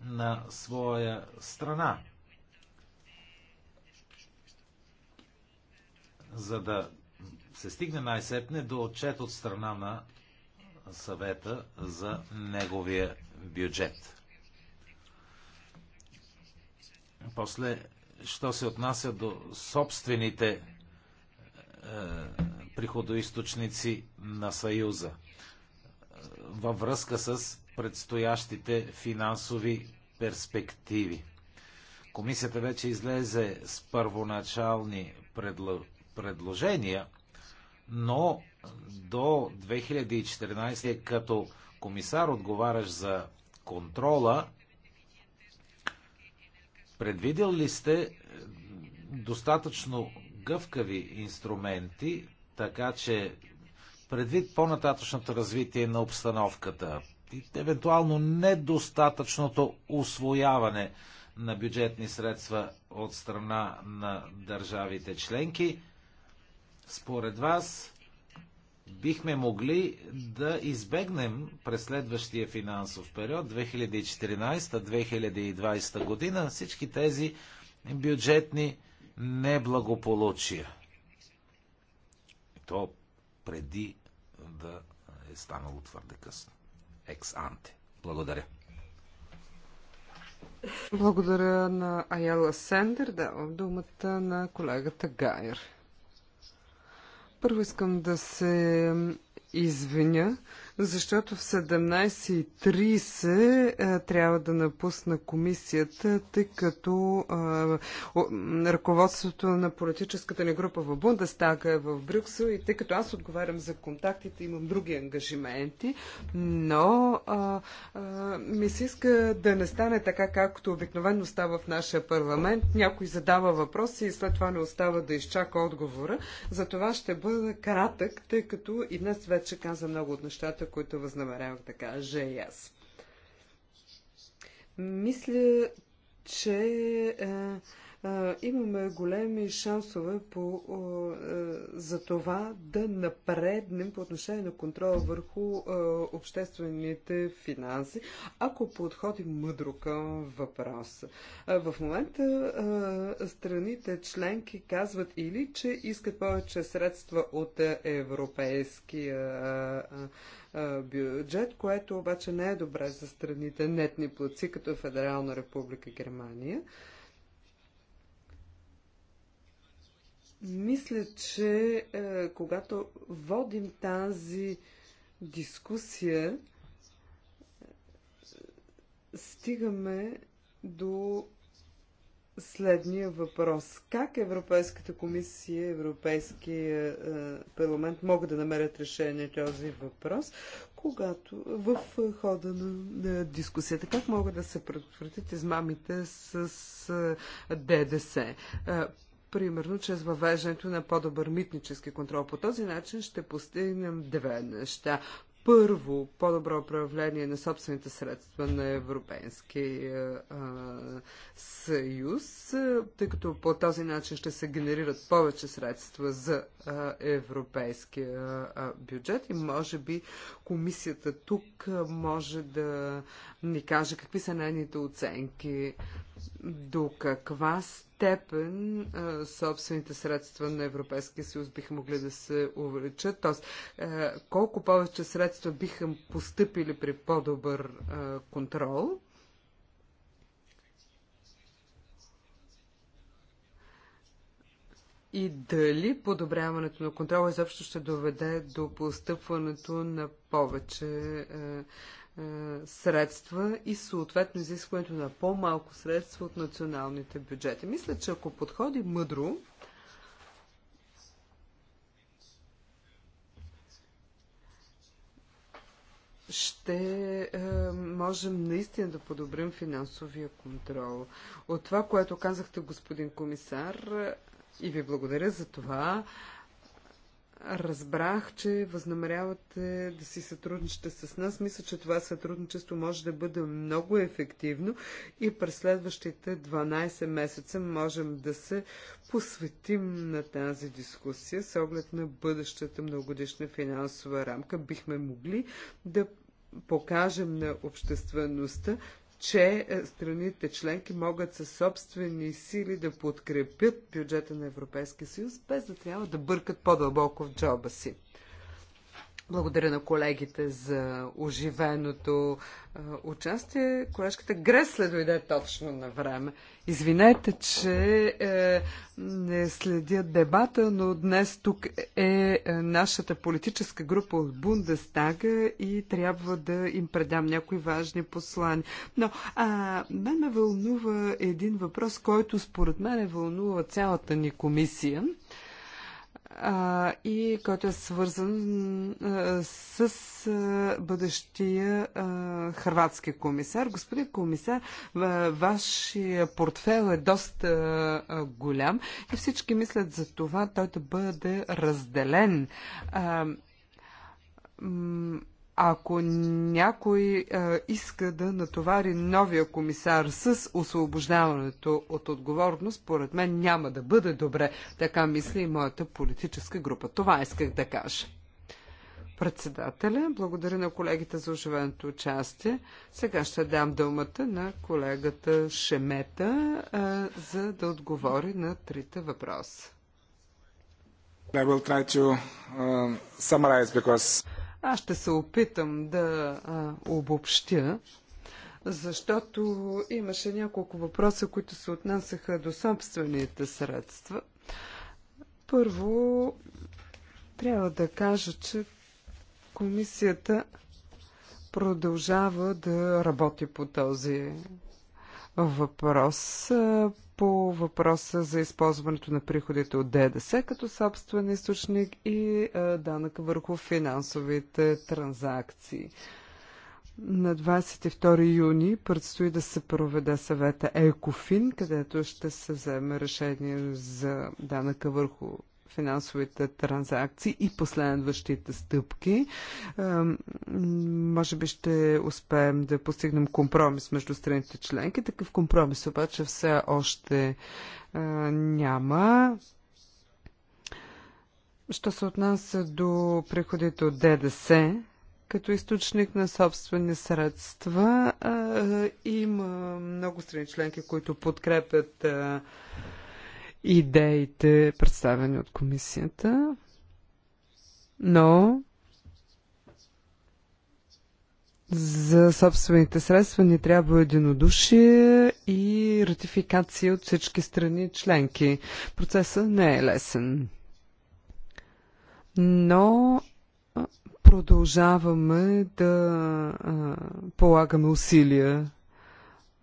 на своя страна, за да се стигне най-сетне до отчет от страна на съвета за неговия бюджет. После що се отнася до собствените е, приходоисточници на Съюза е, във връзка с предстоящите финансови перспективи. Комисията вече излезе с първоначални предложения, но до 2014 е като комисар, отговарящ за контрола, Предвидел ли сте е, достатъчно гъвкави инструменти, така че предвид по-нататъчното развитие на обстановката и евентуално недостатъчното освояване на бюджетни средства от страна на държавите членки, според вас бихме могли да избегнем през следващия финансов период 2014-2020 година всички тези бюджетни неблагополучия. то преди да е станало твърде късно. Екс анте. Благодаря. Благодаря на Аяла Сендер. Давам думата на колегата Гайер. Първо искам да се извиня защото в 17.30 е, трябва да напусна комисията, тъй като е, ръководството на политическата ни група в Бундестага е в Брюксел и тъй като аз отговарям за контактите, имам други ангажименти, но а, е, а, ми се иска да не стане така, както обикновено става в нашия парламент. Някой задава въпроси и след това не остава да изчака отговора. За това ще бъда кратък, тъй като и днес вече каза много от нещата, нещата, които възнамерявах да кажа и аз. Мисля, че е, имаме големи шансове по, за това да напреднем по отношение на контрола върху обществените финанси, ако подходим мъдро към въпроса. В момента страните членки казват или, че искат повече средства от европейския бюджет, което обаче не е добре за страните нетни плаци, като Федерална република Германия. Мисля, че е, когато водим тази дискусия, е, стигаме до следния въпрос. Как Европейската комисия, Европейския е, парламент могат да намерят решение на този въпрос, когато в хода на, на дискусията, как могат да се предотвратят измамите с, с е, ДДС? Е, примерно чрез въвеждането на по-добър митнически контрол. По този начин ще постигнем две неща. Първо, по-добро управление на собствените средства на Европейския съюз, тъй като по този начин ще се генерират повече средства за а, европейския а, бюджет и може би комисията тук може да ни каже какви са нейните оценки, до каква степен степен собствените средства на Европейския съюз биха могли да се увеличат? Тоест, колко повече средства биха поступили при по-добър контрол? И дали подобряването на контрола изобщо ще доведе до постъпването на повече е, е, средства и съответно изискването на по-малко средства от националните бюджети. Мисля, че ако подходи мъдро, ще е, можем наистина да подобрим финансовия контрол. От това, което казахте, господин комисар, и ви благодаря за това, Разбрах, че възнамерявате да си сътрудничате с нас. Мисля, че това сътрудничество може да бъде много ефективно и през следващите 12 месеца можем да се посветим на тази дискусия с оглед на бъдещата многодишна финансова рамка. Бихме могли да покажем на обществеността, че е, страните членки могат със собствени сили да подкрепят бюджета на Европейския съюз, без да трябва да бъркат по-дълбоко в джоба си. Благодаря на колегите за оживеното участие. Колежката Гресле дойде точно на време. Извинете, че е, не следя дебата, но днес тук е, е нашата политическа група от Бундестага и трябва да им предам някои важни послания. Но а, мен ме вълнува един въпрос, който според мен е вълнува цялата ни комисия а, и който е свързан а, с а, бъдещия а, хрватски комисар. Господин комисар, вашия портфел е доста а, голям и всички мислят за това той да бъде разделен. А, ако някой а, е, иска да натовари новия комисар с освобождаването от отговорност, според мен няма да бъде добре. Така мисли и моята политическа група. Това исках да кажа. Председателя, благодаря на колегите за оживеното участие. Сега ще дам думата на колегата Шемета, а, е, за да отговори на трите въпроса. I will try to uh, summarize because аз ще се опитам да а, обобщя, защото имаше няколко въпроса, които се отнасяха до собствените средства. Първо, трябва да кажа, че комисията продължава да работи по този въпрос по въпроса за използването на приходите от ДДС като собствен източник и данък върху финансовите транзакции. На 22 юни предстои да се проведе съвета ЕКОФИН, където ще се вземе решение за данъка върху финансовите транзакции и последващите стъпки. Е, може би ще успеем да постигнем компромис между страните членки. Такъв компромис обаче все още е, няма. Що се отнася до приходите от ДДС, като източник на собствени средства, е, има много страни членки, които подкрепят идеите, представени от комисията, но за собствените средства ни трябва единодушие и ратификация от всички страни членки. Процесът не е лесен. Но продължаваме да полагаме усилия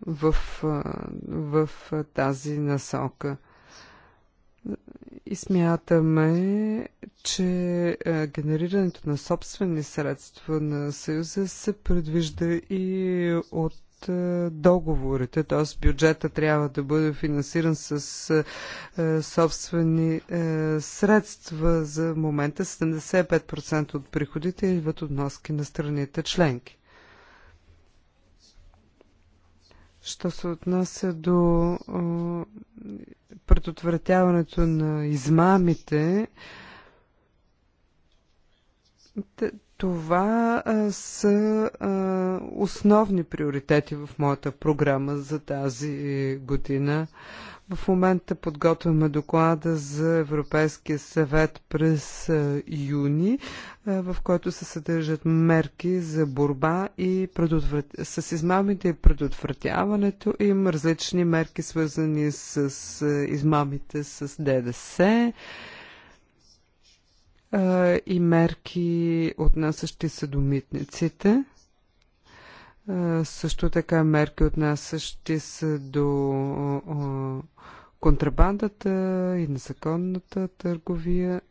в, в тази насока. И смятаме, че е, генерирането на собствени средства на Съюза се предвижда и от е, договорите, т.е. бюджета трябва да бъде финансиран с е, собствени средства. За момента 75% от приходите и от относки на страните членки. Що се отнася до предотвратяването на измамите, това а, са а, основни приоритети в моята програма за тази година. В момента подготвяме доклада за Европейския съвет през а, юни, а, в който се съдържат мерки за борба и предотврат... с измамите и предотвратяването. Има различни мерки, свързани с а, измамите с ДДС и мерки, отнасящи се до митниците. Също така мерки, отнасящи се до контрабандата и незаконната търговия.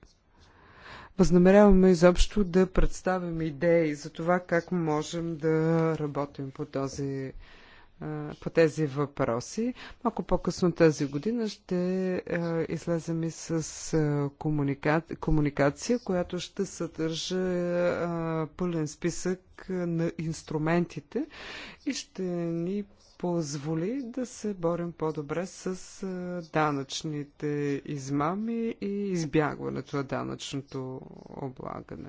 Възнамеряваме изобщо да представим идеи за това как можем да работим по този по тези въпроси. Малко по-късно тази година ще излезем и с комуника... комуникация, която ще съдържа пълен списък на инструментите и ще ни позволи да се борим по-добре с данъчните измами и избягването на данъчното облагане.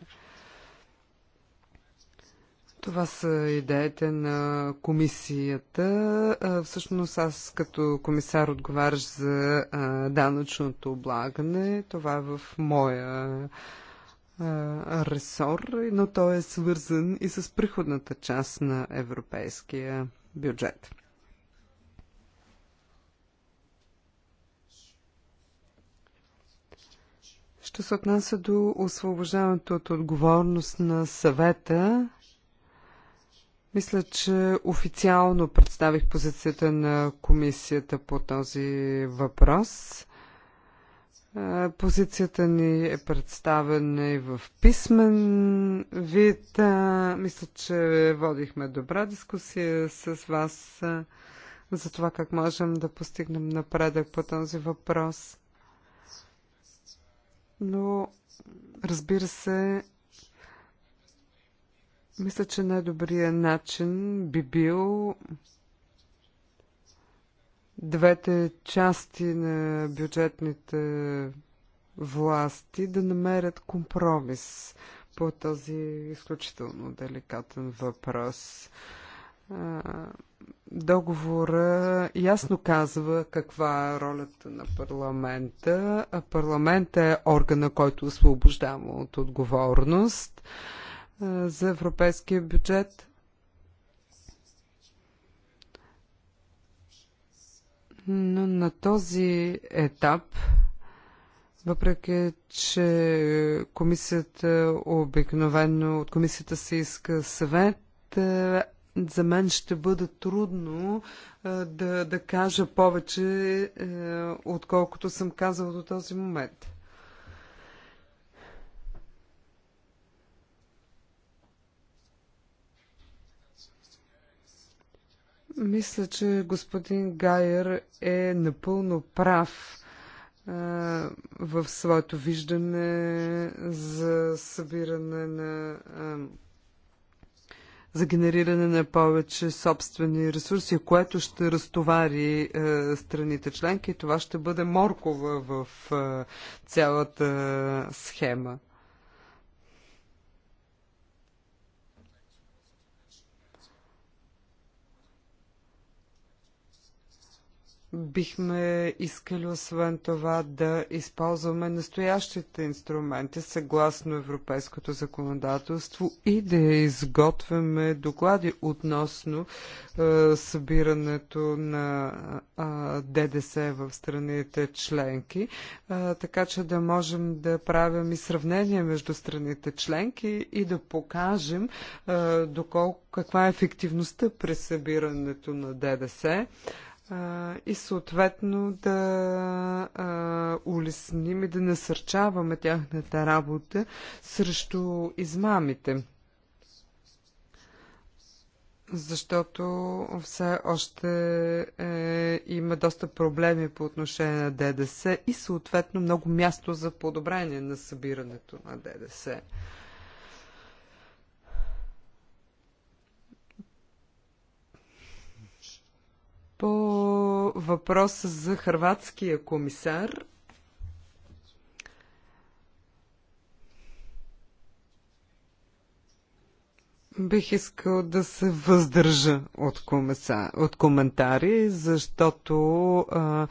Това са идеите на комисията. Всъщност аз като комисар отговаряш за данъчното облагане. Това е в моя ресор, но той е свързан и с приходната част на европейския бюджет. Що се отнася до освобождаването от отговорност на съвета, мисля, че официално представих позицията на комисията по този въпрос. Е, позицията ни е представена и в писмен вид. Е, мисля, че водихме добра дискусия с вас е, за това как можем да постигнем напредък по този въпрос. Но, разбира се, мисля, че най-добрият начин би бил двете части на бюджетните власти да намерят компромис по този изключително деликатен въпрос. Договора ясно казва каква е ролята на парламента. Парламентът е органа, който освобождава от отговорност за европейския бюджет. Но на този етап, въпреки че комисията обикновено от комисията се иска съвет, е, за мен ще бъде трудно е, да, да кажа повече, е, отколкото съм казала до този момент. Мисля, че господин Гайер е напълно прав в своето виждане за събиране на за генериране на повече собствени ресурси, което ще разтовари е, страните членки. Това ще бъде моркова в е, цялата схема. Бихме искали освен това да използваме настоящите инструменти съгласно европейското законодателство и да изготвяме доклади относно е, събирането на е, ДДС в страните членки, е, така че да можем да правим и сравнение между страните членки и да покажем е, доколко каква е ефективността при събирането на ДДС. Е, и съответно да а, улесним и да насърчаваме тяхната работа срещу измамите. Защото все още е, има доста проблеми по отношение на ДДС и съответно много място за подобрение на събирането на ДДС. По въпроса за хрватския комисар, Бих искал да се въздържа от, комеса, от коментари, защото а,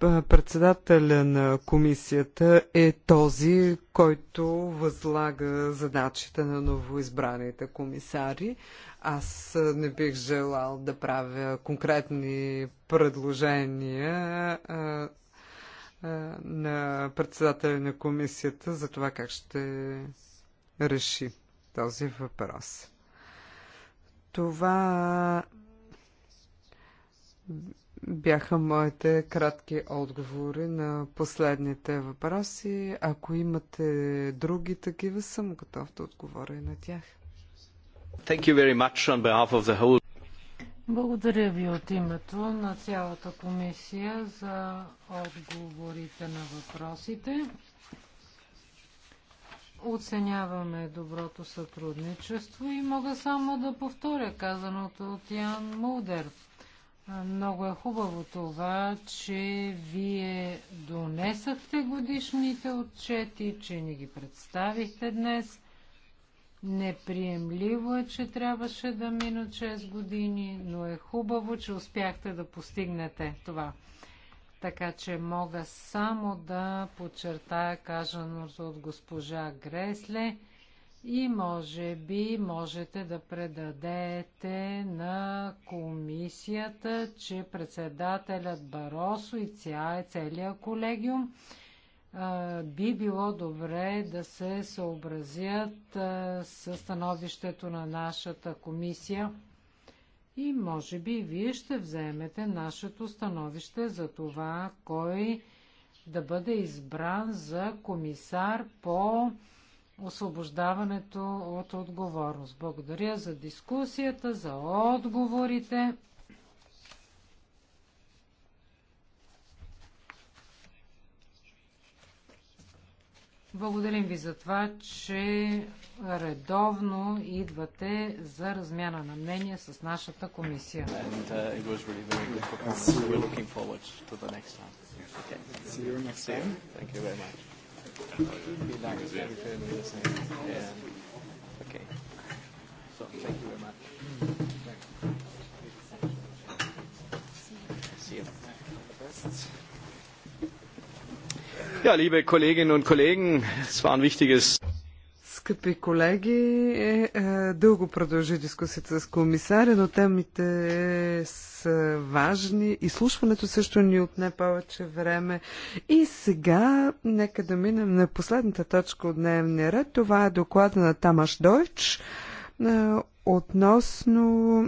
председателя на комисията е този, който възлага задачите на новоизбраните комисари. Аз не бих желал да правя конкретни предложения а, а, на председателя на комисията за това как ще реши този въпрос. Това бяха моите кратки отговори на последните въпроси. Ако имате други такива, съм готов да отговоря на тях. Whole... Благодаря ви от името на цялата комисия за отговорите на въпросите. Оценяваме доброто сътрудничество и мога само да повторя казаното от Ян Мулдер. Много е хубаво това, че вие донесахте годишните отчети, че ни ги представихте днес. Неприемливо е, че трябваше да минат 6 години, но е хубаво, че успяхте да постигнете това. Така че мога само да подчертая каженото от госпожа Гресле и може би можете да предадете на комисията, че председателят Баросо и ця, целият колегиум би било добре да се съобразят със становището на нашата комисия и може би вие ще вземете нашето становище за това, кой да бъде избран за комисар по освобождаването от отговорност. Благодаря за дискусията, за отговорите. Благодарим ви за това, че редовно идвате за размяна на мнение с нашата комисия. Uh, thank you. Ja, liebe Kolleginnen und Kollegen, es war ein wichtiges Скъпи колеги, е, е, дълго продължи дискусията с комисаря, но темите са важни. Изслушването също ни отне повече време. И сега нека да минем на последната точка от дневния ред. Това е доклада на Тамаш Дойч е, относно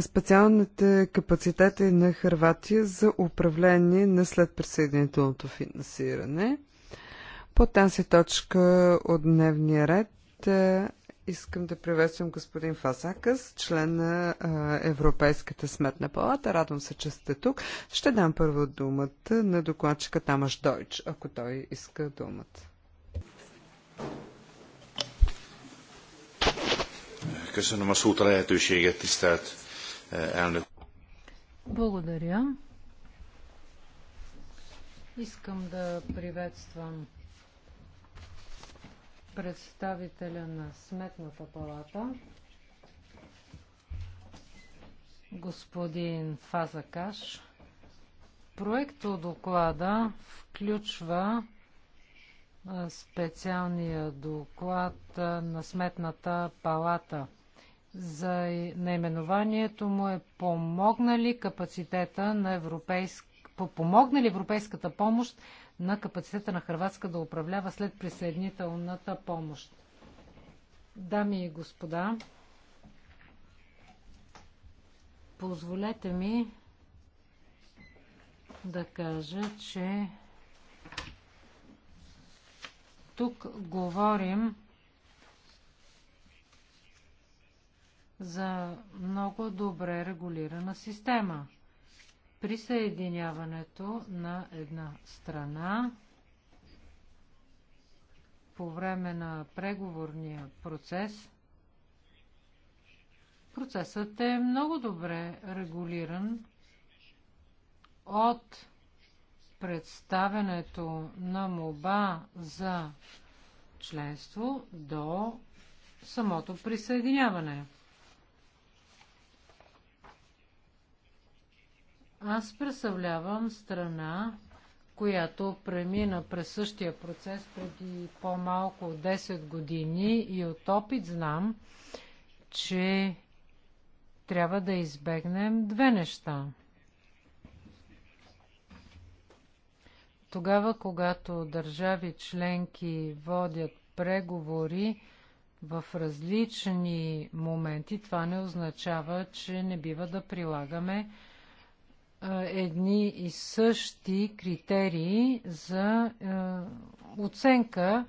специалните капацитети на Харватия за управление на следприсъединителното финансиране. По тази точка от дневния ред искам да приветствам господин Фасакас, член на Европейската сметна палата. Радвам се, че сте тук. Ще дам първо думата на докладчика Тамаш Дойч, ако той иска думата. Köszönöm a szót, a lehetőséget, tisztelt eh, elnök. Благодаря. Искам да приветствам представителя на Сметната палата, господин Фазакаш. Проекто доклада включва специалния доклад на Сметната палата за наименованието му е помогнали капацитета на европейск... помогна ли европейската помощ на капацитета на Хрватска да управлява след присъединителната помощ. Дами и господа, позволете ми да кажа, че тук говорим за много добре регулирана система. Присъединяването на една страна по време на преговорния процес, процесът е много добре регулиран от представенето на моба за членство до самото присъединяване. Аз представлявам страна, която премина през същия процес преди по-малко от 10 години и от опит знам, че трябва да избегнем две неща. Тогава, когато държави членки водят преговори в различни моменти, това не означава, че не бива да прилагаме едни и същи критерии за оценка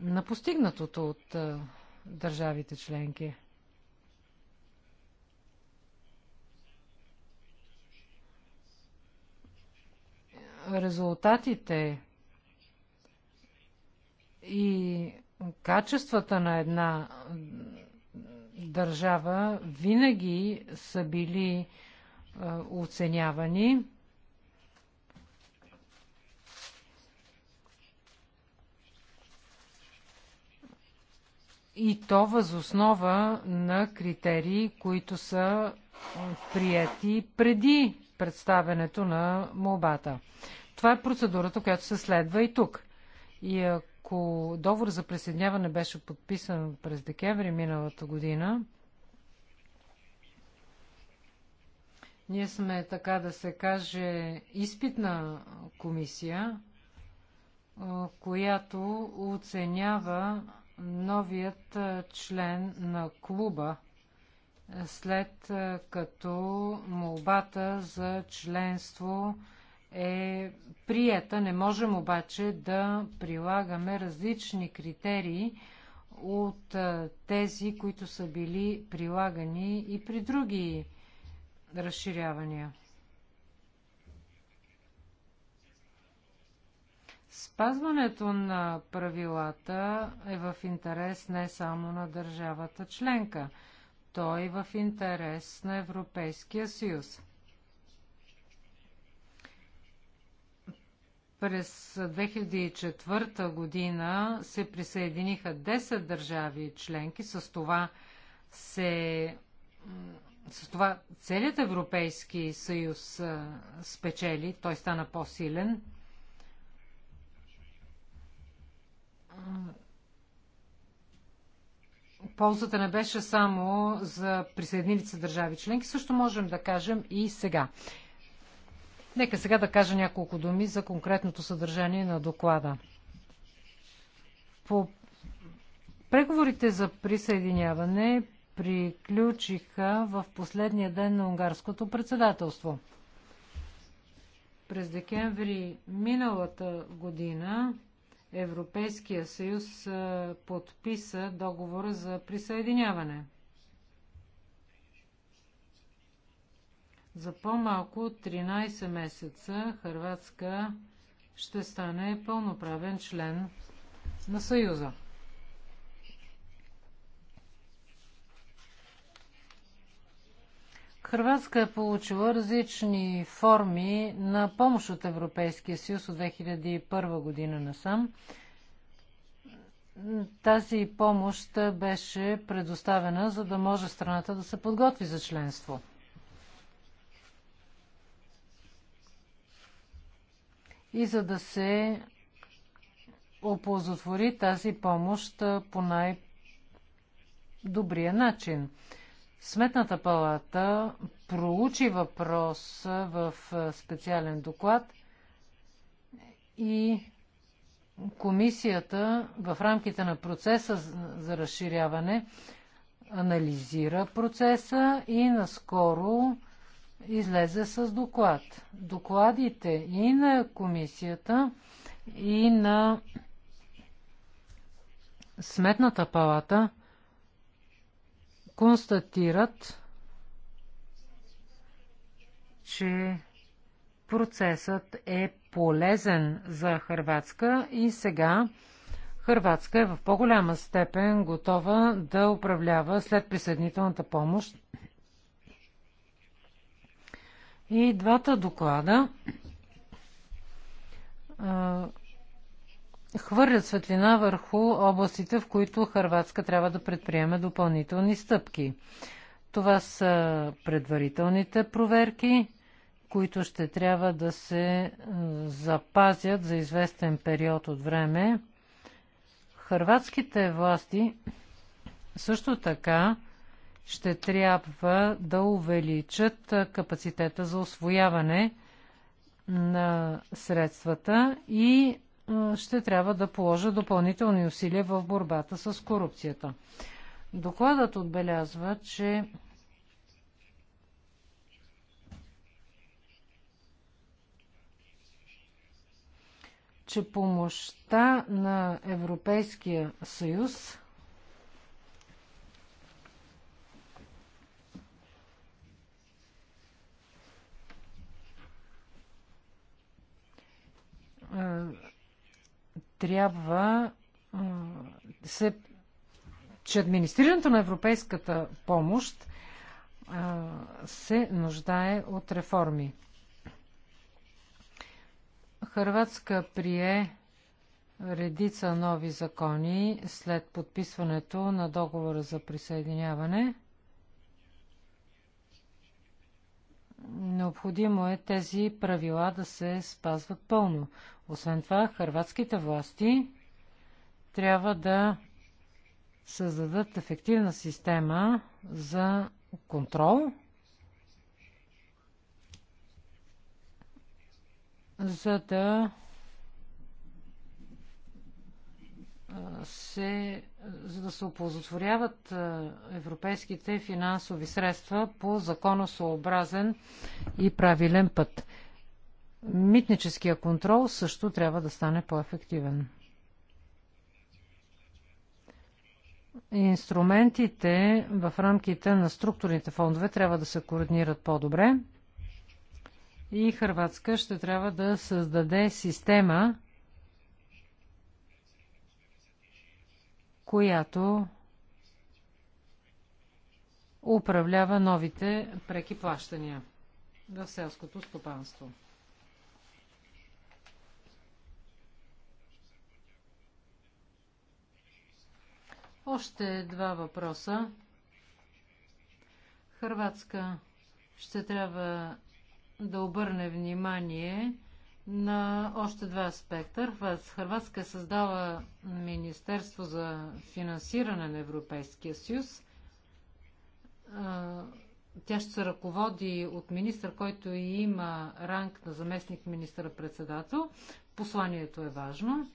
на постигнатото от държавите членки. Резултатите и качествата на една държава винаги са били е, оценявани. И то възоснова на критерии, които са е, прияти преди представенето на молбата. Това е процедурата, която се следва и тук. И ако договор за присъединяване беше подписан през декември миналата година, Ние сме, така да се каже, изпитна комисия, която оценява новият член на клуба, след като молбата за членство е приета. Не можем обаче да прилагаме различни критерии от тези, които са били прилагани и при други разширявания. Спазването на правилата е в интерес не само на държавата членка, то е в интерес на Европейския съюз. През 2004 година се присъединиха 10 държави членки, с това се с това целият Европейски съюз спечели, той стана по-силен. Ползата не беше само за присъединилите държави членки, също можем да кажем и сега. Нека сега да кажа няколко думи за конкретното съдържание на доклада. По преговорите за присъединяване приключиха в последния ден на унгарското председателство. През декември миналата година Европейския съюз подписа договора за присъединяване. За по-малко 13 месеца Харватска ще стане пълноправен член на Съюза. Хрватска е получила различни форми на помощ от Европейския съюз от 2001 година насам. Тази помощ беше предоставена, за да може страната да се подготви за членство. И за да се оползотвори тази помощ по най-добрия начин. Сметната палата проучи въпрос в специален доклад и комисията в рамките на процеса за разширяване анализира процеса и наскоро излезе с доклад. Докладите и на комисията, и на Сметната палата констатират, че процесът е полезен за Хрватска и сега Хрватска е в по-голяма степен готова да управлява след присъединителната помощ. И двата доклада хвърлят светлина върху областите, в които Харватска трябва да предприеме допълнителни стъпки. Това са предварителните проверки, които ще трябва да се е, запазят за известен период от време. Хърватските власти също така ще трябва да увеличат е, капацитета за освояване на средствата и ще трябва да положа допълнителни усилия в борбата с корупцията. Докладът отбелязва, че че помощта на Европейския съюз трябва се, че администрирането на европейската помощ се нуждае от реформи. Хрватска прие редица нови закони след подписването на договора за присъединяване – Необходимо е тези правила да се спазват пълно. Освен това, хърватските власти трябва да създадат ефективна система за контрол, за да се, за да се оползотворяват европейските финансови средства по законосообразен и правилен път. Митническия контрол също трябва да стане по-ефективен. Инструментите в рамките на структурните фондове трябва да се координират по-добре и Хрватска ще трябва да създаде система, която управлява новите преки плащания в селското стопанство. Още два въпроса. Хрватска ще трябва да обърне внимание на още два аспекта. Хрватска е създала Министерство за финансиране на Европейския съюз. Тя ще се ръководи от министър, който и има ранг на заместник министър-председател. Посланието е важно.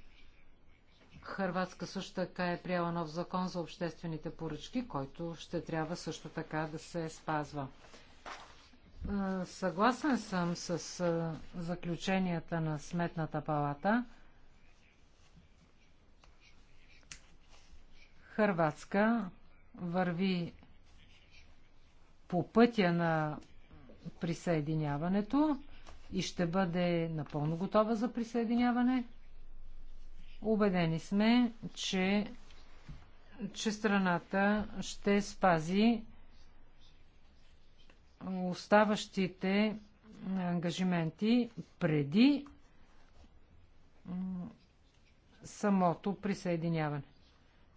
Хрватска също така е приела нов закон за обществените поръчки, който ще трябва също така да се спазва. Съгласен съм с заключенията на Сметната палата. Хърватска върви по пътя на присъединяването и ще бъде напълно готова за присъединяване. Убедени сме, че, че страната ще спази оставащите ангажименти преди самото присъединяване.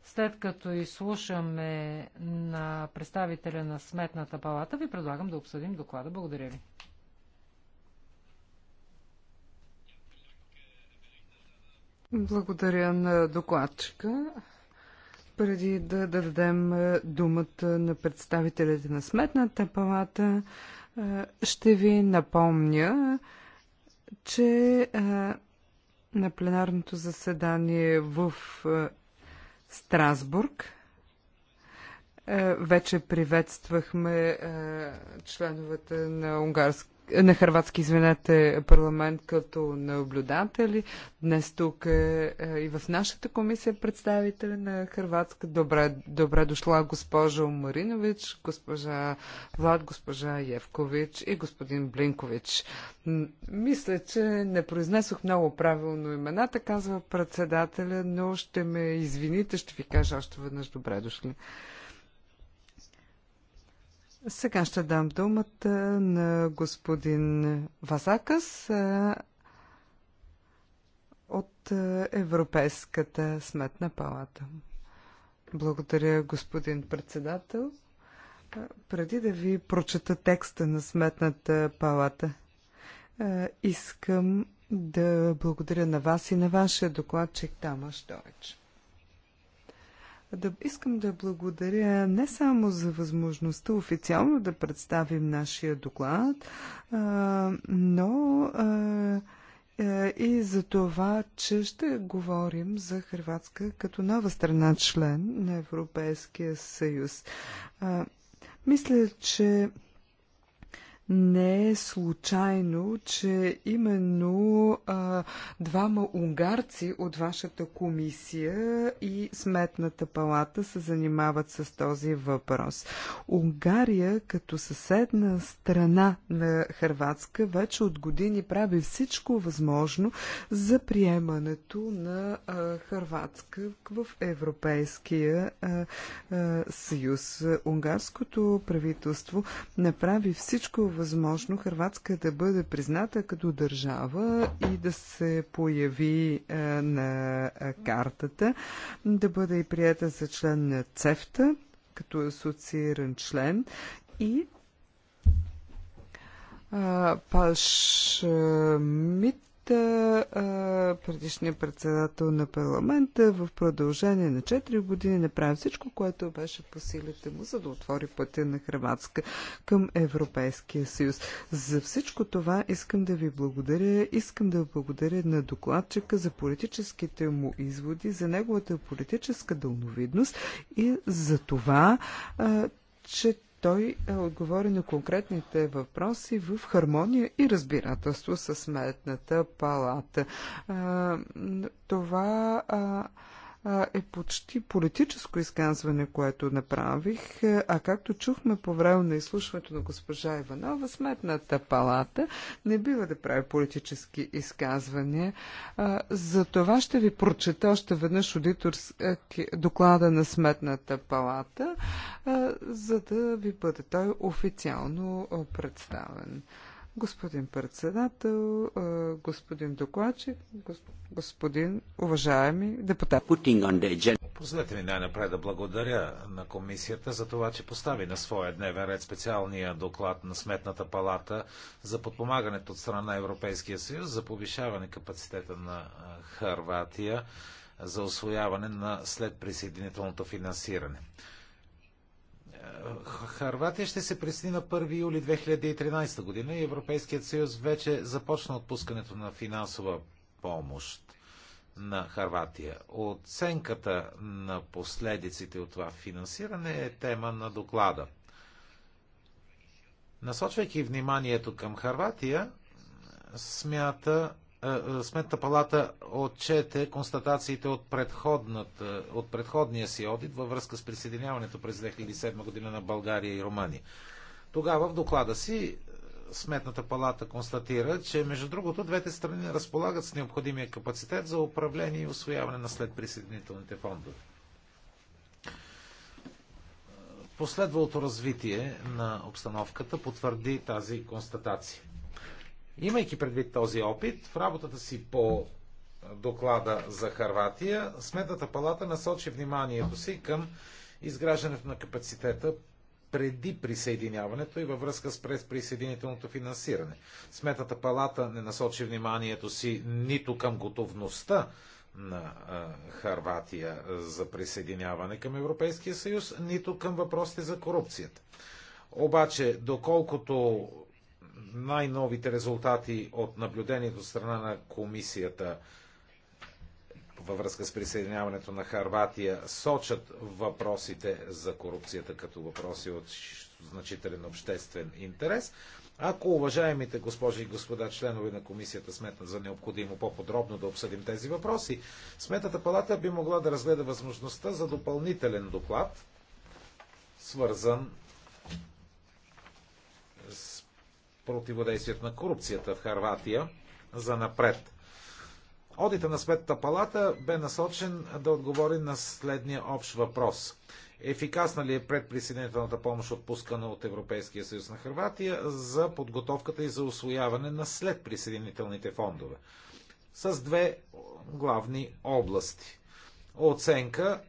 След като изслушаме на представителя на Сметната палата, ви предлагам да обсъдим доклада. Благодаря ви. Благодаря на докладчика. Преди да дадем е, думата на представителите на Сметната палата, е, ще ви напомня, че е, на пленарното заседание в Страсбург вече приветствахме членовете на унгарски на Харватски, извинете, парламент като наблюдатели. Днес тук е, е и в нашата комисия представители на Харватска. Добре, добре дошла госпожа Маринович, госпожа Влад, госпожа Евкович и господин Блинкович. Мисля, че не произнесох много правилно имената, казва председателя, но ще ме извините, ще ви кажа още веднъж добре дошли. Сега ще дам думата на господин Вазакас от Европейската сметна палата. Благодаря, господин председател. Преди да ви прочета текста на сметната палата, искам да благодаря на вас и на вашия докладчик Тамаш Дойч. Да, искам да благодаря не само за възможността официално да представим нашия доклад, а, но а, е, и за това, че ще говорим за Хрватска като нова страна член на Европейския съюз. А, мисля, че не е случайно, че именно а, двама унгарци от вашата комисия и Сметната палата се занимават с този въпрос. Унгария, като съседна страна на Хрватска, вече от години прави всичко възможно за приемането на а, Хрватска в Европейския а, а, съюз. Унгарското правителство направи всичко възможно Хрватска да бъде призната като държава и да се появи е, на е, картата, да бъде и прията за член на ЦЕФТА, като асоцииран член и е, Паш Мит предишният председател на парламента в продължение на 4 години направи всичко, което беше по силите му, за да отвори пътя на Хрватска към Европейския съюз. За всичко това искам да ви благодаря. Искам да благодаря на докладчика за политическите му изводи, за неговата политическа дълновидност и за това, че той е отговори на конкретните въпроси в хармония и разбирателство с сметната палата. Това е почти политическо изказване, което направих, е, а както чухме по време на изслушването на госпожа Иванова, сметната палата не бива да прави политически изказвания. За това ще ви прочета още веднъж аудиторски е, доклада на сметната палата, е, за да ви бъде той официално представен господин председател, господин докладчик, господин уважаеми депутати. Позволете ми най-напред да благодаря на комисията за това, че постави на своя дневен ред специалния доклад на Сметната палата за подпомагането от страна на Европейския съюз за повишаване капацитета на Харватия за освояване на след присъединителното финансиране. Харватия ще се пресни на 1 юли 2013 година и Европейският съюз вече започна отпускането на финансова помощ на Харватия. Оценката на последиците от това финансиране е тема на доклада. Насочвайки вниманието към Харватия, смята е, е, Сметната палата отчете констатациите от, от предходния си одит във връзка с присъединяването през 2007 година на България и Румъния. Тогава в доклада си е, Сметната палата констатира, че между другото двете страни разполагат с необходимия капацитет за управление и освояване на следприсъединителните фондове. Последвалото развитие на обстановката потвърди тази констатация. Имайки предвид този опит, в работата си по доклада за Харватия, Сметната палата насочи вниманието си към изграждането на капацитета преди присъединяването и във връзка с присъединителното финансиране. Сметната палата не насочи вниманието си нито към готовността на Харватия за присъединяване към Европейския съюз, нито към въпросите за корупцията. Обаче, доколкото най-новите резултати от наблюдението страна на комисията във връзка с присъединяването на Харватия сочат въпросите за корупцията като въпроси от значителен обществен интерес. Ако уважаемите госпожи и господа членове на комисията сметнат за необходимо по-подробно да обсъдим тези въпроси, Сметата палата би могла да разгледа възможността за допълнителен доклад, свързан противодействието на корупцията в Харватия за напред. Одита на Сметната палата бе насочен да отговори на следния общ въпрос. Ефикасна ли е предприсъединителната помощ, отпускана от Европейския съюз на Харватия, за подготовката и за освояване на следприсъединителните фондове? С две главни области. Оценка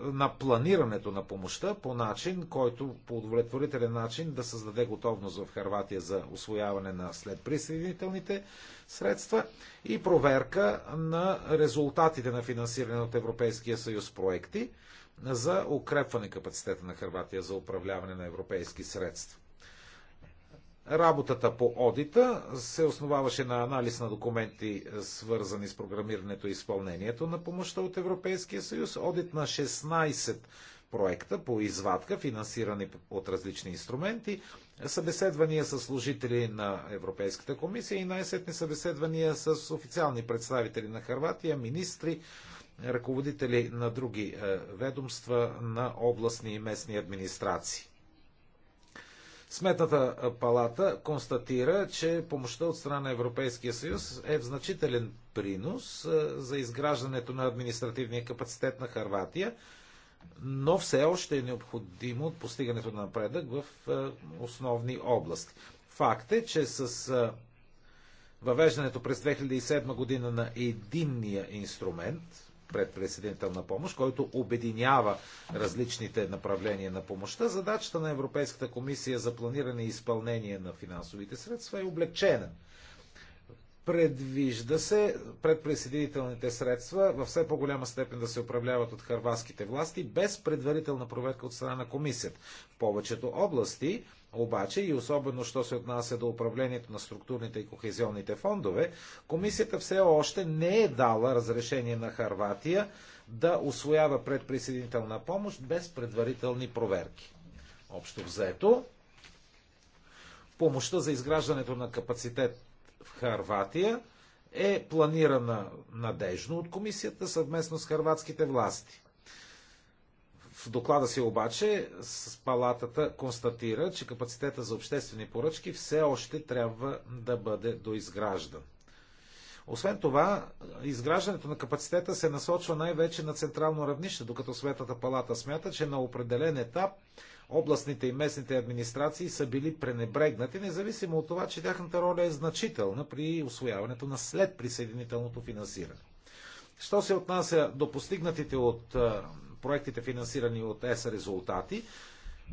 на планирането на помощта по начин, който по удовлетворителен начин да създаде готовност в Харватия за освояване на след присъединителните средства и проверка на резултатите на финансиране от Европейския съюз проекти за укрепване капацитета на Харватия за управляване на европейски средства. Работата по одита се основаваше на анализ на документи, е, свързани с програмирането и изпълнението на помощта от Европейския съюз, одит на 16 проекта по извадка, финансирани от различни инструменти, събеседвания с служители на Европейската комисия и най-сетни събеседвания с официални представители на Харватия, министри, ръководители на други е, ведомства на областни и местни администрации. Сметната палата констатира, че помощта от страна на Европейския съюз е в значителен принос за изграждането на административния капацитет на Харватия, но все още е необходимо от постигането на напредък в основни области. Факт е, че с въвеждането през 2007 година на единния инструмент, Предпредседителна помощ, който обединява различните направления на помощта. Задачата на Европейската комисия за планиране и изпълнение на финансовите средства е облегчена. Предвижда се предпресъединителните средства в все по-голяма степен да се управляват от харватските власти без предварителна проверка от страна на комисията. В повечето области обаче и особено, що се отнася до управлението на структурните и кохезионните фондове, комисията все още не е дала разрешение на Харватия да освоява предприсъединителна помощ без предварителни проверки. Общо взето, помощта за изграждането на капацитет в Харватия е планирана надежно от комисията съвместно с харватските власти. В доклада си обаче с палатата констатира, че капацитета за обществени поръчки все още трябва да бъде доизграждан. Освен това, изграждането на капацитета се насочва най-вече на централно равнище, докато Светата палата смята, че на определен етап областните и местните администрации са били пренебрегнати, независимо от това, че тяхната роля е значителна при освояването на след присъединителното финансиране. Що се отнася до постигнатите от проектите финансирани от ЕС резултати,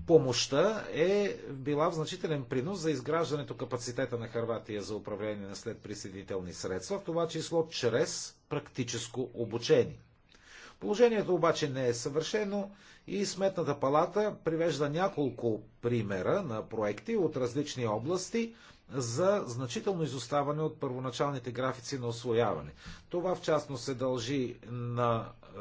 помощта е била в значителен принос за изграждането капацитета на Харватия за управление на след присъединителни средства, в това число чрез практическо обучение. Положението обаче не е съвършено и Сметната палата привежда няколко примера на проекти от различни области за значително изоставане от първоначалните графици на освояване. Това в частност се дължи на е,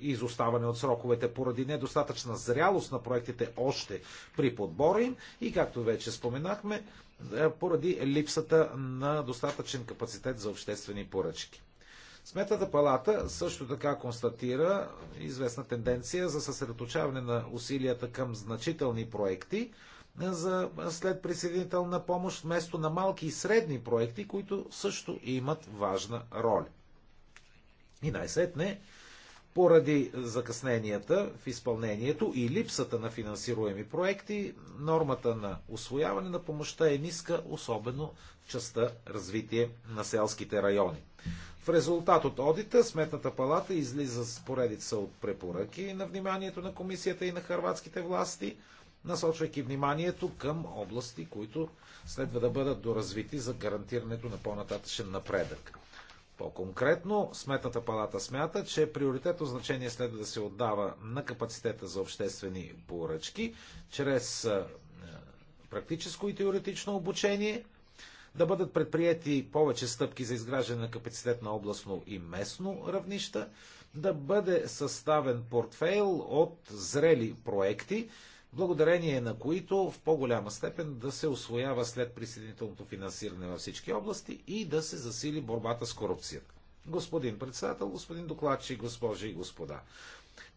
изоставане от сроковете поради недостатъчна зрялост на проектите още при подбора им и, както вече споменахме, е, поради липсата на достатъчен капацитет за обществени поръчки. Сметната палата също така констатира известна тенденция за съсредоточаване на усилията към значителни проекти е, за след присъединителна помощ, вместо на малки и средни проекти, които също имат важна роля. И най-сетне, поради закъсненията в изпълнението и липсата на финансируеми проекти, нормата на освояване на помощта е ниска, особено в частта развитие на селските райони. В резултат от одита Сметната палата излиза с поредица от препоръки на вниманието на комисията и на хърватските власти, насочвайки вниманието към области, които следва да бъдат доразвити за гарантирането на по-нататъчен напредък. По-конкретно, Сметната палата смята, че приоритетно значение следва да се отдава на капацитета за обществени поръчки, чрез практическо и теоретично обучение, да бъдат предприяти повече стъпки за изграждане на капацитет на областно и местно равнища, да бъде съставен портфейл от зрели проекти, благодарение на които в по-голяма степен да се освоява след присъединителното финансиране във всички области и да се засили борбата с корупцията. Господин председател, господин докладчик, госпожи и господа,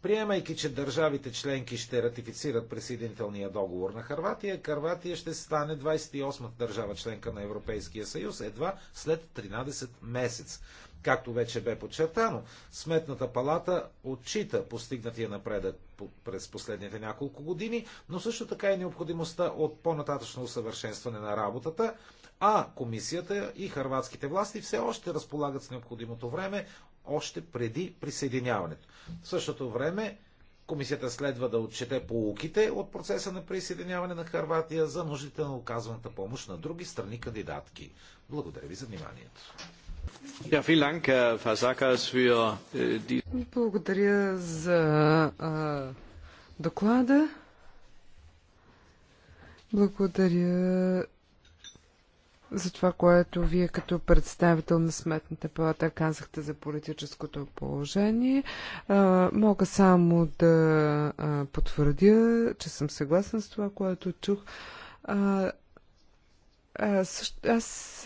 Приемайки, че държавите членки ще ратифицират присъединителния договор на Харватия, Харватия ще стане 28-та държава членка на Европейския съюз едва след 13 месец. Както вече бе подчертано, Сметната палата отчита постигнатия напредък през последните няколко години, но също така и необходимостта от по-нататъчно усъвършенстване на работата, а комисията и хърватските власти все още разполагат с необходимото време още преди присъединяването. В същото време Комисията следва да отчете полуките от процеса на присъединяване на Харватия за нуждите на оказваната помощ на други страни кандидатки. Благодаря ви за вниманието. Äh, Благодаря за а, доклада. Благодаря за това, което вие като представител на Сметната палата казахте за политическото положение. А, мога само да а, потвърдя, че съм съгласен с това, което чух. А, аз, аз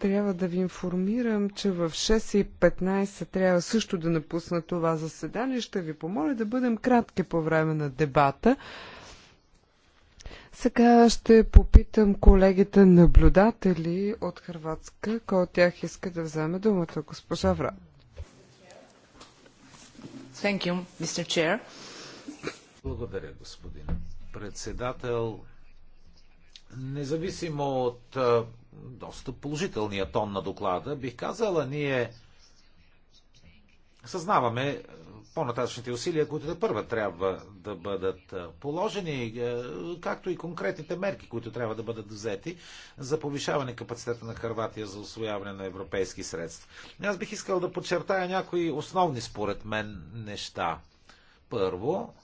трябва да ви информирам, че в 6.15 трябва също да напусна това заседание. Ще ви помоля да бъдем кратки по време на дебата. Сега ще попитам колегите наблюдатели от Хрватска, кой от тях иска да вземе думата, госпожа Вра. Thank you, Mr. Chair. Благодаря, господин председател. Независимо от доста положителния тон на доклада, бих казала, ние съзнаваме по-нататъчните усилия, които да първа трябва да бъдат положени, както и конкретните мерки, които трябва да бъдат взети за повишаване капацитета на Харватия за освояване на европейски средства. Аз бих искал да подчертая някои основни, според мен, неща. Първо,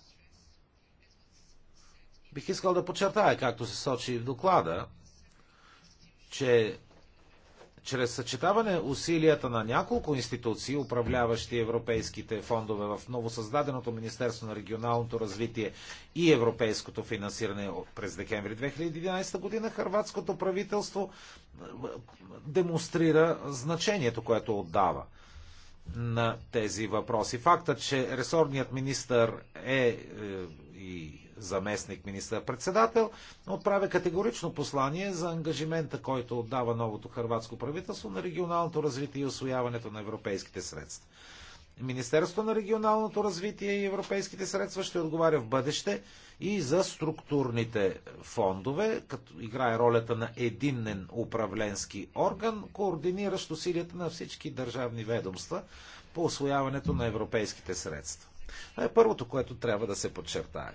Бих искал да подчертая, както се сочи в доклада, че чрез съчетаване усилията на няколко институции, управляващи европейските фондове в новосъздаденото Министерство на регионалното развитие и европейското финансиране през декември 2011 година, хърватското правителство демонстрира значението, което отдава на тези въпроси. Факта, че ресорният министр е, е и заместник министър-председател, отправя категорично послание за ангажимента, който отдава новото хрватско правителство на регионалното развитие и освояването на европейските средства. Министерството на регионалното развитие и европейските средства ще отговаря в бъдеще и за структурните фондове, като играе ролята на единен управленски орган, координиращ усилията на всички държавни ведомства по освояването на европейските средства. Това е първото, което трябва да се подчертае.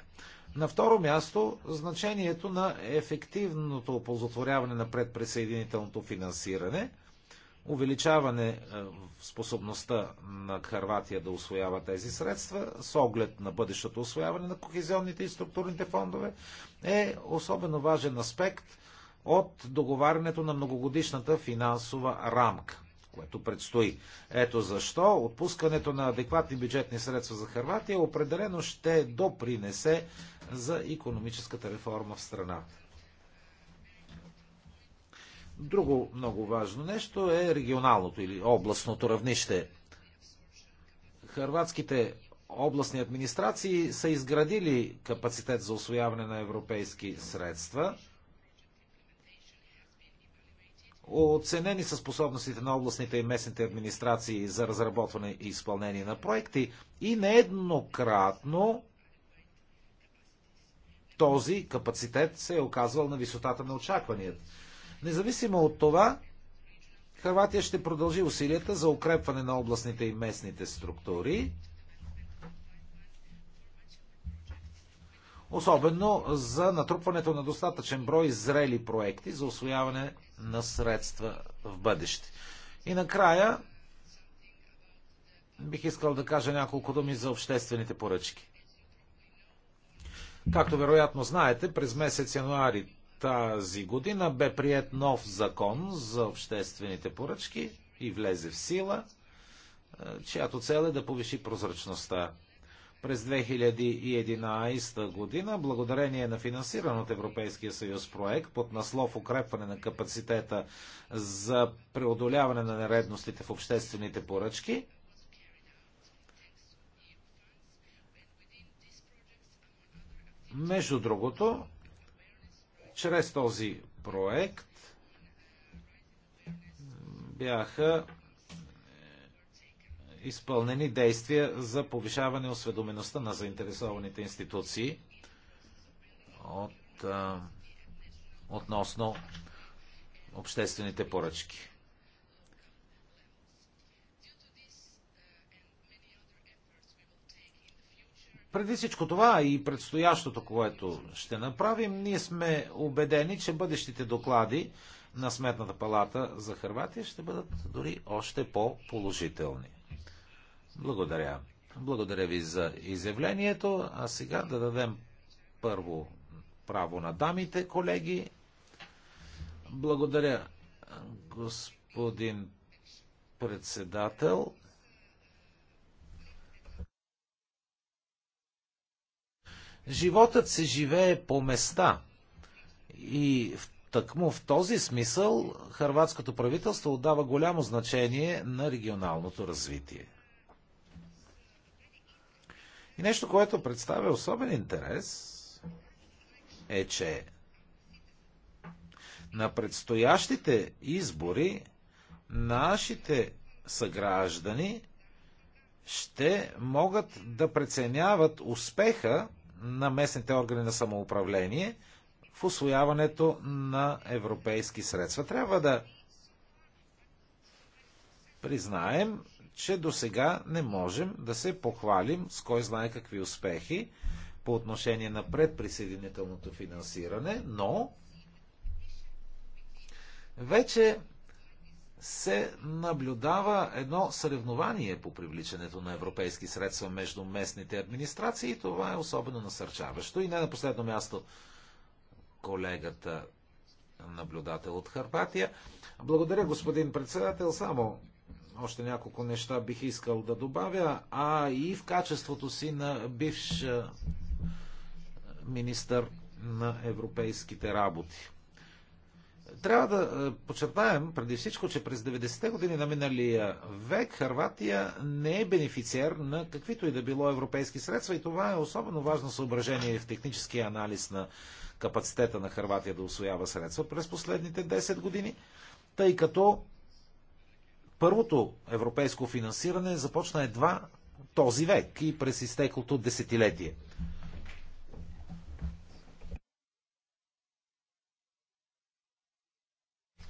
На второ място, значението на ефективното оползотворяване на предпресъединителното финансиране, увеличаване е, в способността на Харватия да освоява тези средства с оглед на бъдещото освояване на кохезионните и структурните фондове е особено важен аспект от договарянето на многогодишната финансова рамка което предстои. Ето защо отпускането на адекватни бюджетни средства за Харватия определено ще допринесе за економическата реформа в страната. Друго много важно нещо е регионалното или областното равнище. Харватските областни администрации са изградили капацитет за освояване на европейски средства. Оценени са способностите на областните и местните администрации за разработване и изпълнение на проекти и нееднократно този капацитет се е оказвал на висотата на очакванията. Независимо от това, Харватия ще продължи усилията за укрепване на областните и местните структури, особено за натрупването на достатъчен брой зрели проекти за освояване на средства в бъдеще. И накрая бих искал да кажа няколко думи за обществените поръчки. Както вероятно знаете, през месец януари тази година бе прият нов закон за обществените поръчки и влезе в сила, е, чиято цел е да повиши прозрачността. През 2011 година, благодарение на финансиран от Европейския съюз проект под наслов Укрепване на капацитета за преодоляване на нередностите в обществените поръчки, Между другото, чрез този проект бяха е, изпълнени действия за повишаване осведомеността на заинтересованите институции от, а, е, относно обществените поръчки. Преди всичко това и предстоящото, което ще направим, ние сме убедени, че бъдещите доклади на Сметната палата за Харватия ще бъдат дори още по-положителни. Благодаря. Благодаря ви за изявлението. А сега да дадем първо право на дамите, колеги. Благодаря, господин председател. Животът се живее по места. И в Такмо в този смисъл хрватското правителство отдава голямо значение на регионалното развитие. И нещо, което представя особен интерес, е, че на предстоящите избори нашите съграждани ще могат да преценяват успеха на местните органи на самоуправление в освояването на европейски средства. Трябва да признаем, че до сега не можем да се похвалим с кой знае какви успехи по отношение на предприсъединителното финансиране, но вече се наблюдава едно съревнование по привличането на европейски средства между местните администрации и това е особено насърчаващо. И не на последно място колегата наблюдател от Харватия. Благодаря, господин председател. Само още няколко неща бих искал да добавя, а и в качеството си на бивш министър на европейските работи. Трябва да е, подчертаем преди всичко, че през 90-те години на миналия век Харватия не е бенефициер на каквито и да било европейски средства и това е особено важно съображение в техническия анализ на капацитета на Харватия да освоява средства през последните 10 години, тъй като първото европейско финансиране започна едва този век и през изтеклото десетилетие.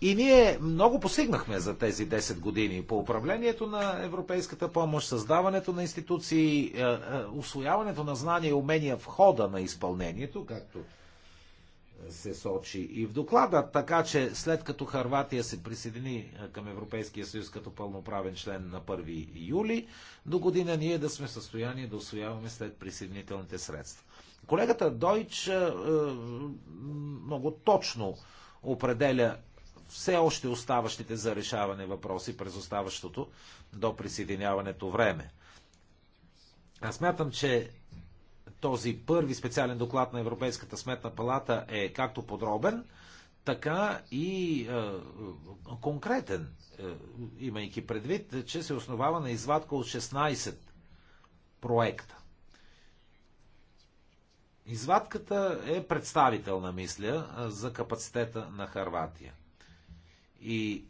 И ние много постигнахме за тези 10 години по управлението на европейската помощ, създаването на институции, е, е, освояването на знания и умения в хода на изпълнението, както се сочи и в доклада, така че след като Харватия се присъедини е, към Европейския съюз като пълноправен член на 1 юли, до година ние да сме в състояние да освояваме след присъединителните средства. Колегата Дойч много точно определя все още оставащите за решаване въпроси през оставащото до присъединяването време. Аз смятам, че този първи специален доклад на Европейската сметна палата е както подробен, така и е, конкретен, е, имайки предвид, че се основава на извадка от 16 проекта. Извадката е представителна, мисля, за капацитета на Харватия. И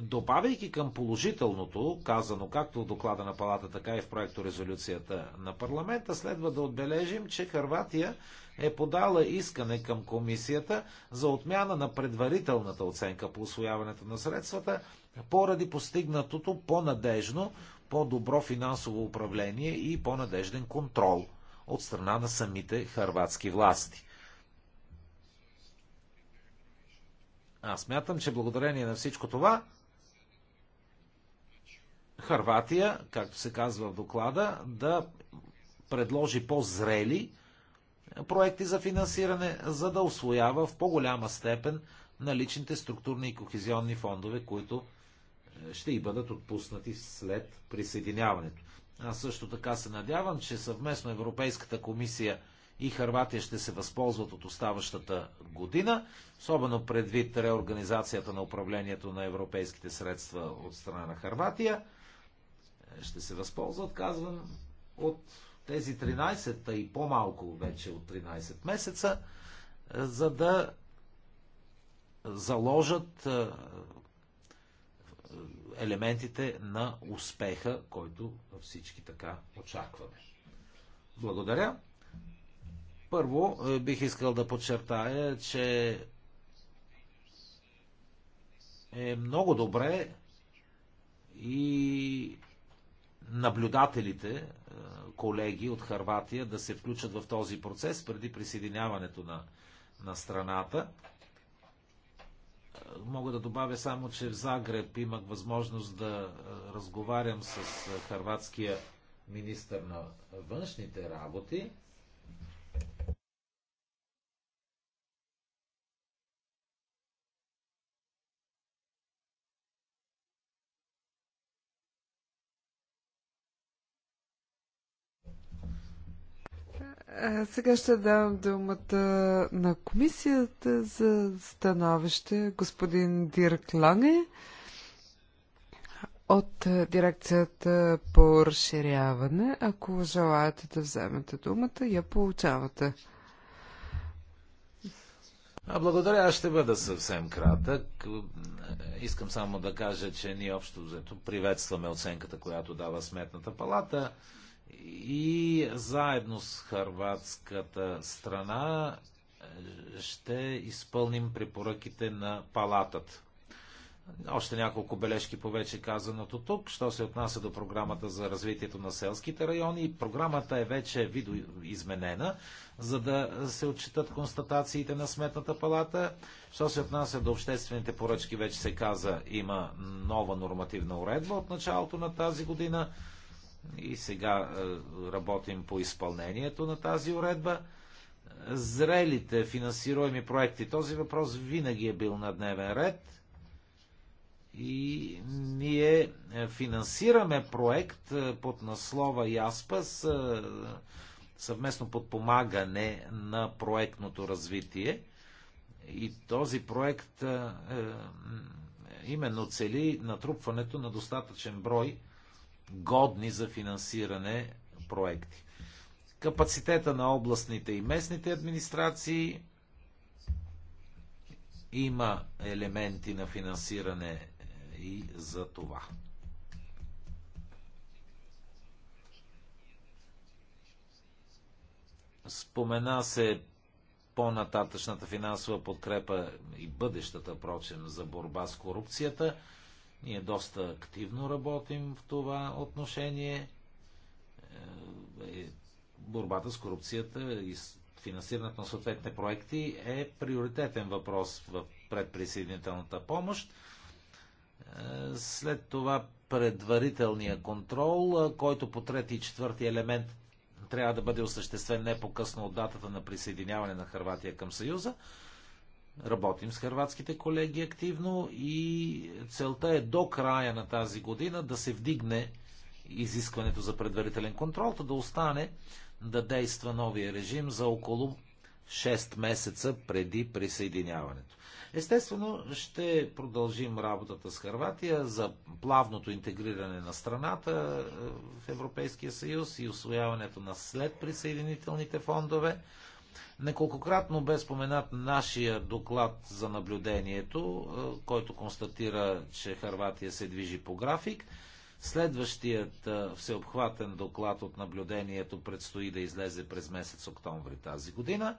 добавяйки към положителното, казано както в доклада на палата, така и в проекто резолюцията на парламента, следва да отбележим, че Харватия е подала искане към комисията за отмяна на предварителната оценка по освояването на средствата, поради постигнатото по-надежно, по-добро финансово управление и по-надежден контрол от страна на самите харватски власти. Аз мятам, че благодарение на всичко това, Харватия, както се казва в доклада, да предложи по-зрели проекти за финансиране, за да освоява в по-голяма степен наличните структурни и кохезионни фондове, които е, ще и бъдат отпуснати след присъединяването. Аз също така се надявам, че съвместно Европейската комисия – и Харватия ще се възползват от оставащата година, особено предвид реорганизацията на управлението на европейските средства от страна на Харватия. Ще се възползват, казвам, от тези 13-та и по-малко вече от 13 месеца, е, за да заложат е, елементите на успеха, който всички така очакваме. Благодаря. Първо, е, бих искал да подчертая, че е много добре и наблюдателите, е, колеги от Харватия, да се включат в този процес преди присъединяването на, на страната. Мога да добавя само, че в Загреб имах възможност да е, разговарям с харватския министр на външните работи Сега ще дам думата на комисията за становище господин Дирк Лане от дирекцията по разширяване. Ако желаете да вземете думата, я получавате. Благодаря, аз ще бъда съвсем кратък. Искам само да кажа, че ние общо взето приветстваме оценката, която дава Сметната палата и заедно с хърватската страна е, ще изпълним препоръките на палатата. Още няколко бележки по вече казаното тук, що се отнася до програмата за развитието на селските райони. Програмата е вече видоизменена, за да се отчитат констатациите на Сметната палата. Що се отнася до обществените поръчки, вече се каза, има нова нормативна уредба от началото на тази година и сега е, работим по изпълнението на тази уредба. Зрелите финансируеми проекти. Този въпрос винаги е бил на дневен ред. И ние е, финансираме проект е, под наслова ЯСПА с съвместно подпомагане на проектното развитие. И този проект именно цели натрупването на достатъчен брой годни за финансиране проекти. Капацитета на областните и местните администрации има елементи на финансиране е, и за това. Спомена се по-нататъчната финансова подкрепа и бъдещата, прочем, за борба с корупцията – ние доста активно работим в това отношение. Е, е, борбата с корупцията и финансирането на съответните проекти е приоритетен въпрос в предприсъединителната помощ. Е, след това предварителния контрол, който по трети и четвърти елемент трябва да бъде осъществен не по-късно от датата на присъединяване на Харватия към Съюза. Работим с хрватските колеги активно и целта е до края на тази година да се вдигне изискването за предварителен контрол, да остане да действа новия режим за около 6 месеца преди присъединяването. Естествено, ще продължим работата с Харватия за плавното интегриране на страната е, в Европейския съюз и освояването на след присъединителните фондове. Неколкократно бе споменат нашия доклад за наблюдението, който констатира, че Харватия се движи по график. Следващият всеобхватен доклад от наблюдението предстои да излезе през месец октомври тази година.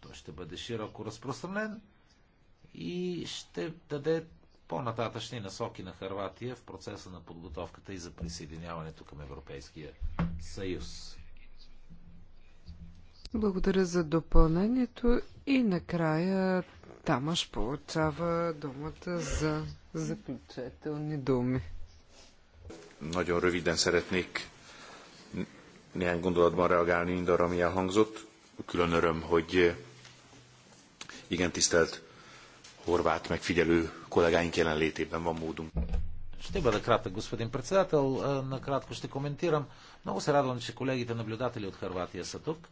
Той ще бъде широко разпространен и ще даде по-нататъчни насоки на Харватия в процеса на подготовката и за присъединяването към Европейския съюз. Благодаря за допълнението и накрая Тамаш получава думата за заключителни думи. Nagyon röviden szeretnék néhány gondolatban reagálni mindarra, ami elhangzott. Külön öröm, hogy igen tisztelt horvát megfigyelő колега Инкеналити, Ще бъда кратък, господин председател. Накратко ще коментирам. Много се радвам, че колегите наблюдатели от Харватия са тук.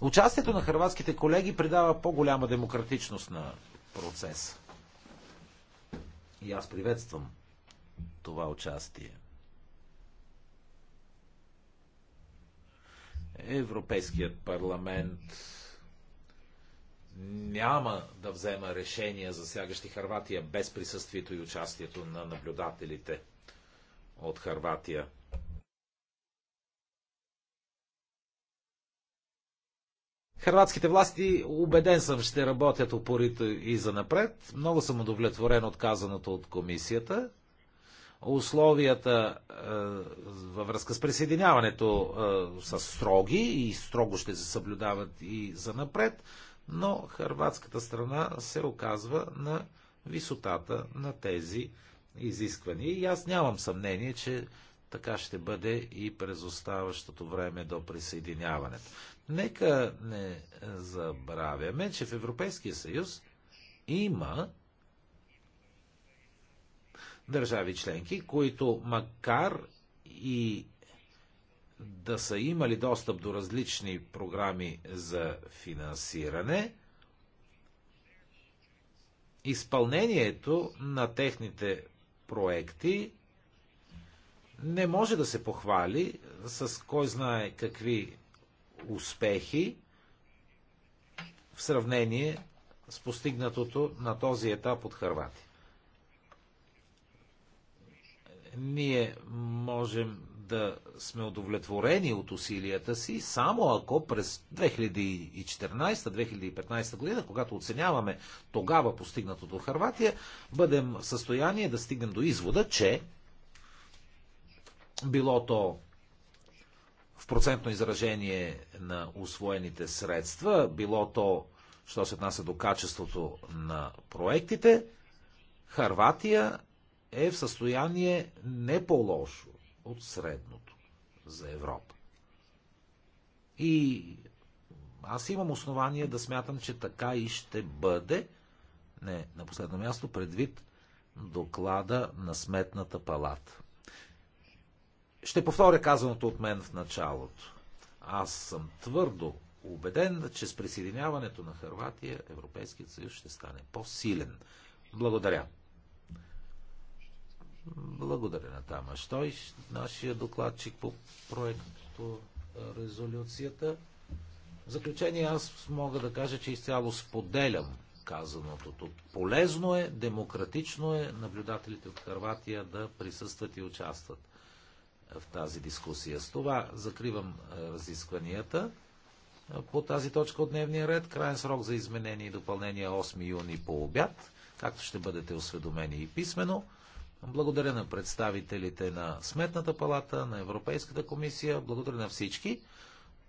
Участието на хрватските колеги придава по-голяма демократичност на процеса. И аз приветствам това участие. Европейският парламент няма да взема решения, за сягащи Харватия, без присъствието и участието на наблюдателите от Харватия. Харватските власти, убеден съм, ще работят опорито и занапред. Много съм удовлетворен от казаното от комисията условията е, във връзка с присъединяването е, са строги и строго ще се съблюдават и за напред, но хърватската страна се оказва на висотата на тези изисквания. И аз нямам съмнение, че така ще бъде и през оставащото време до присъединяването. Нека не забравяме, че в Европейския съюз има държави членки, които макар и да са имали достъп до различни програми за финансиране, изпълнението на техните проекти не може да се похвали с кой знае какви успехи в сравнение с постигнатото на този етап от Харватия. ние можем да сме удовлетворени от усилията си, само ако през 2014-2015 година, когато оценяваме тогава постигнатото в Харватия, бъдем в състояние да стигнем до извода, че било то в процентно изражение на освоените средства, било то, що се отнася до качеството на проектите, Харватия е в състояние не по-лошо от средното за Европа. И аз имам основание да смятам, че така и ще бъде, не на последно място, предвид доклада на Сметната палата. Ще повторя казаното от мен в началото. Аз съм твърдо убеден, че с присъединяването на Харватия Европейският съюз ще стане по-силен. Благодаря. Благодаря на Тама Штойш, нашия докладчик по проекто резолюцията. В заключение аз мога да кажа, че изцяло споделям казаното тук. Полезно е, демократично е наблюдателите от Харватия да присъстват и участват в тази дискусия. С това закривам разискванията по тази точка от дневния ред. Крайен срок за изменение и допълнение 8 е юни по обяд, както ще бъдете осведомени и писменно. Благодаря на представителите на Сметната палата, на Европейската комисия. Благодаря на всички.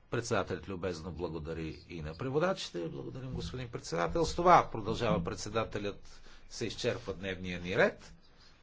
Председателят любезно благодари и на преводачите. Благодарим господин председател. С това продължава председателят се изчерпва дневния ни ред.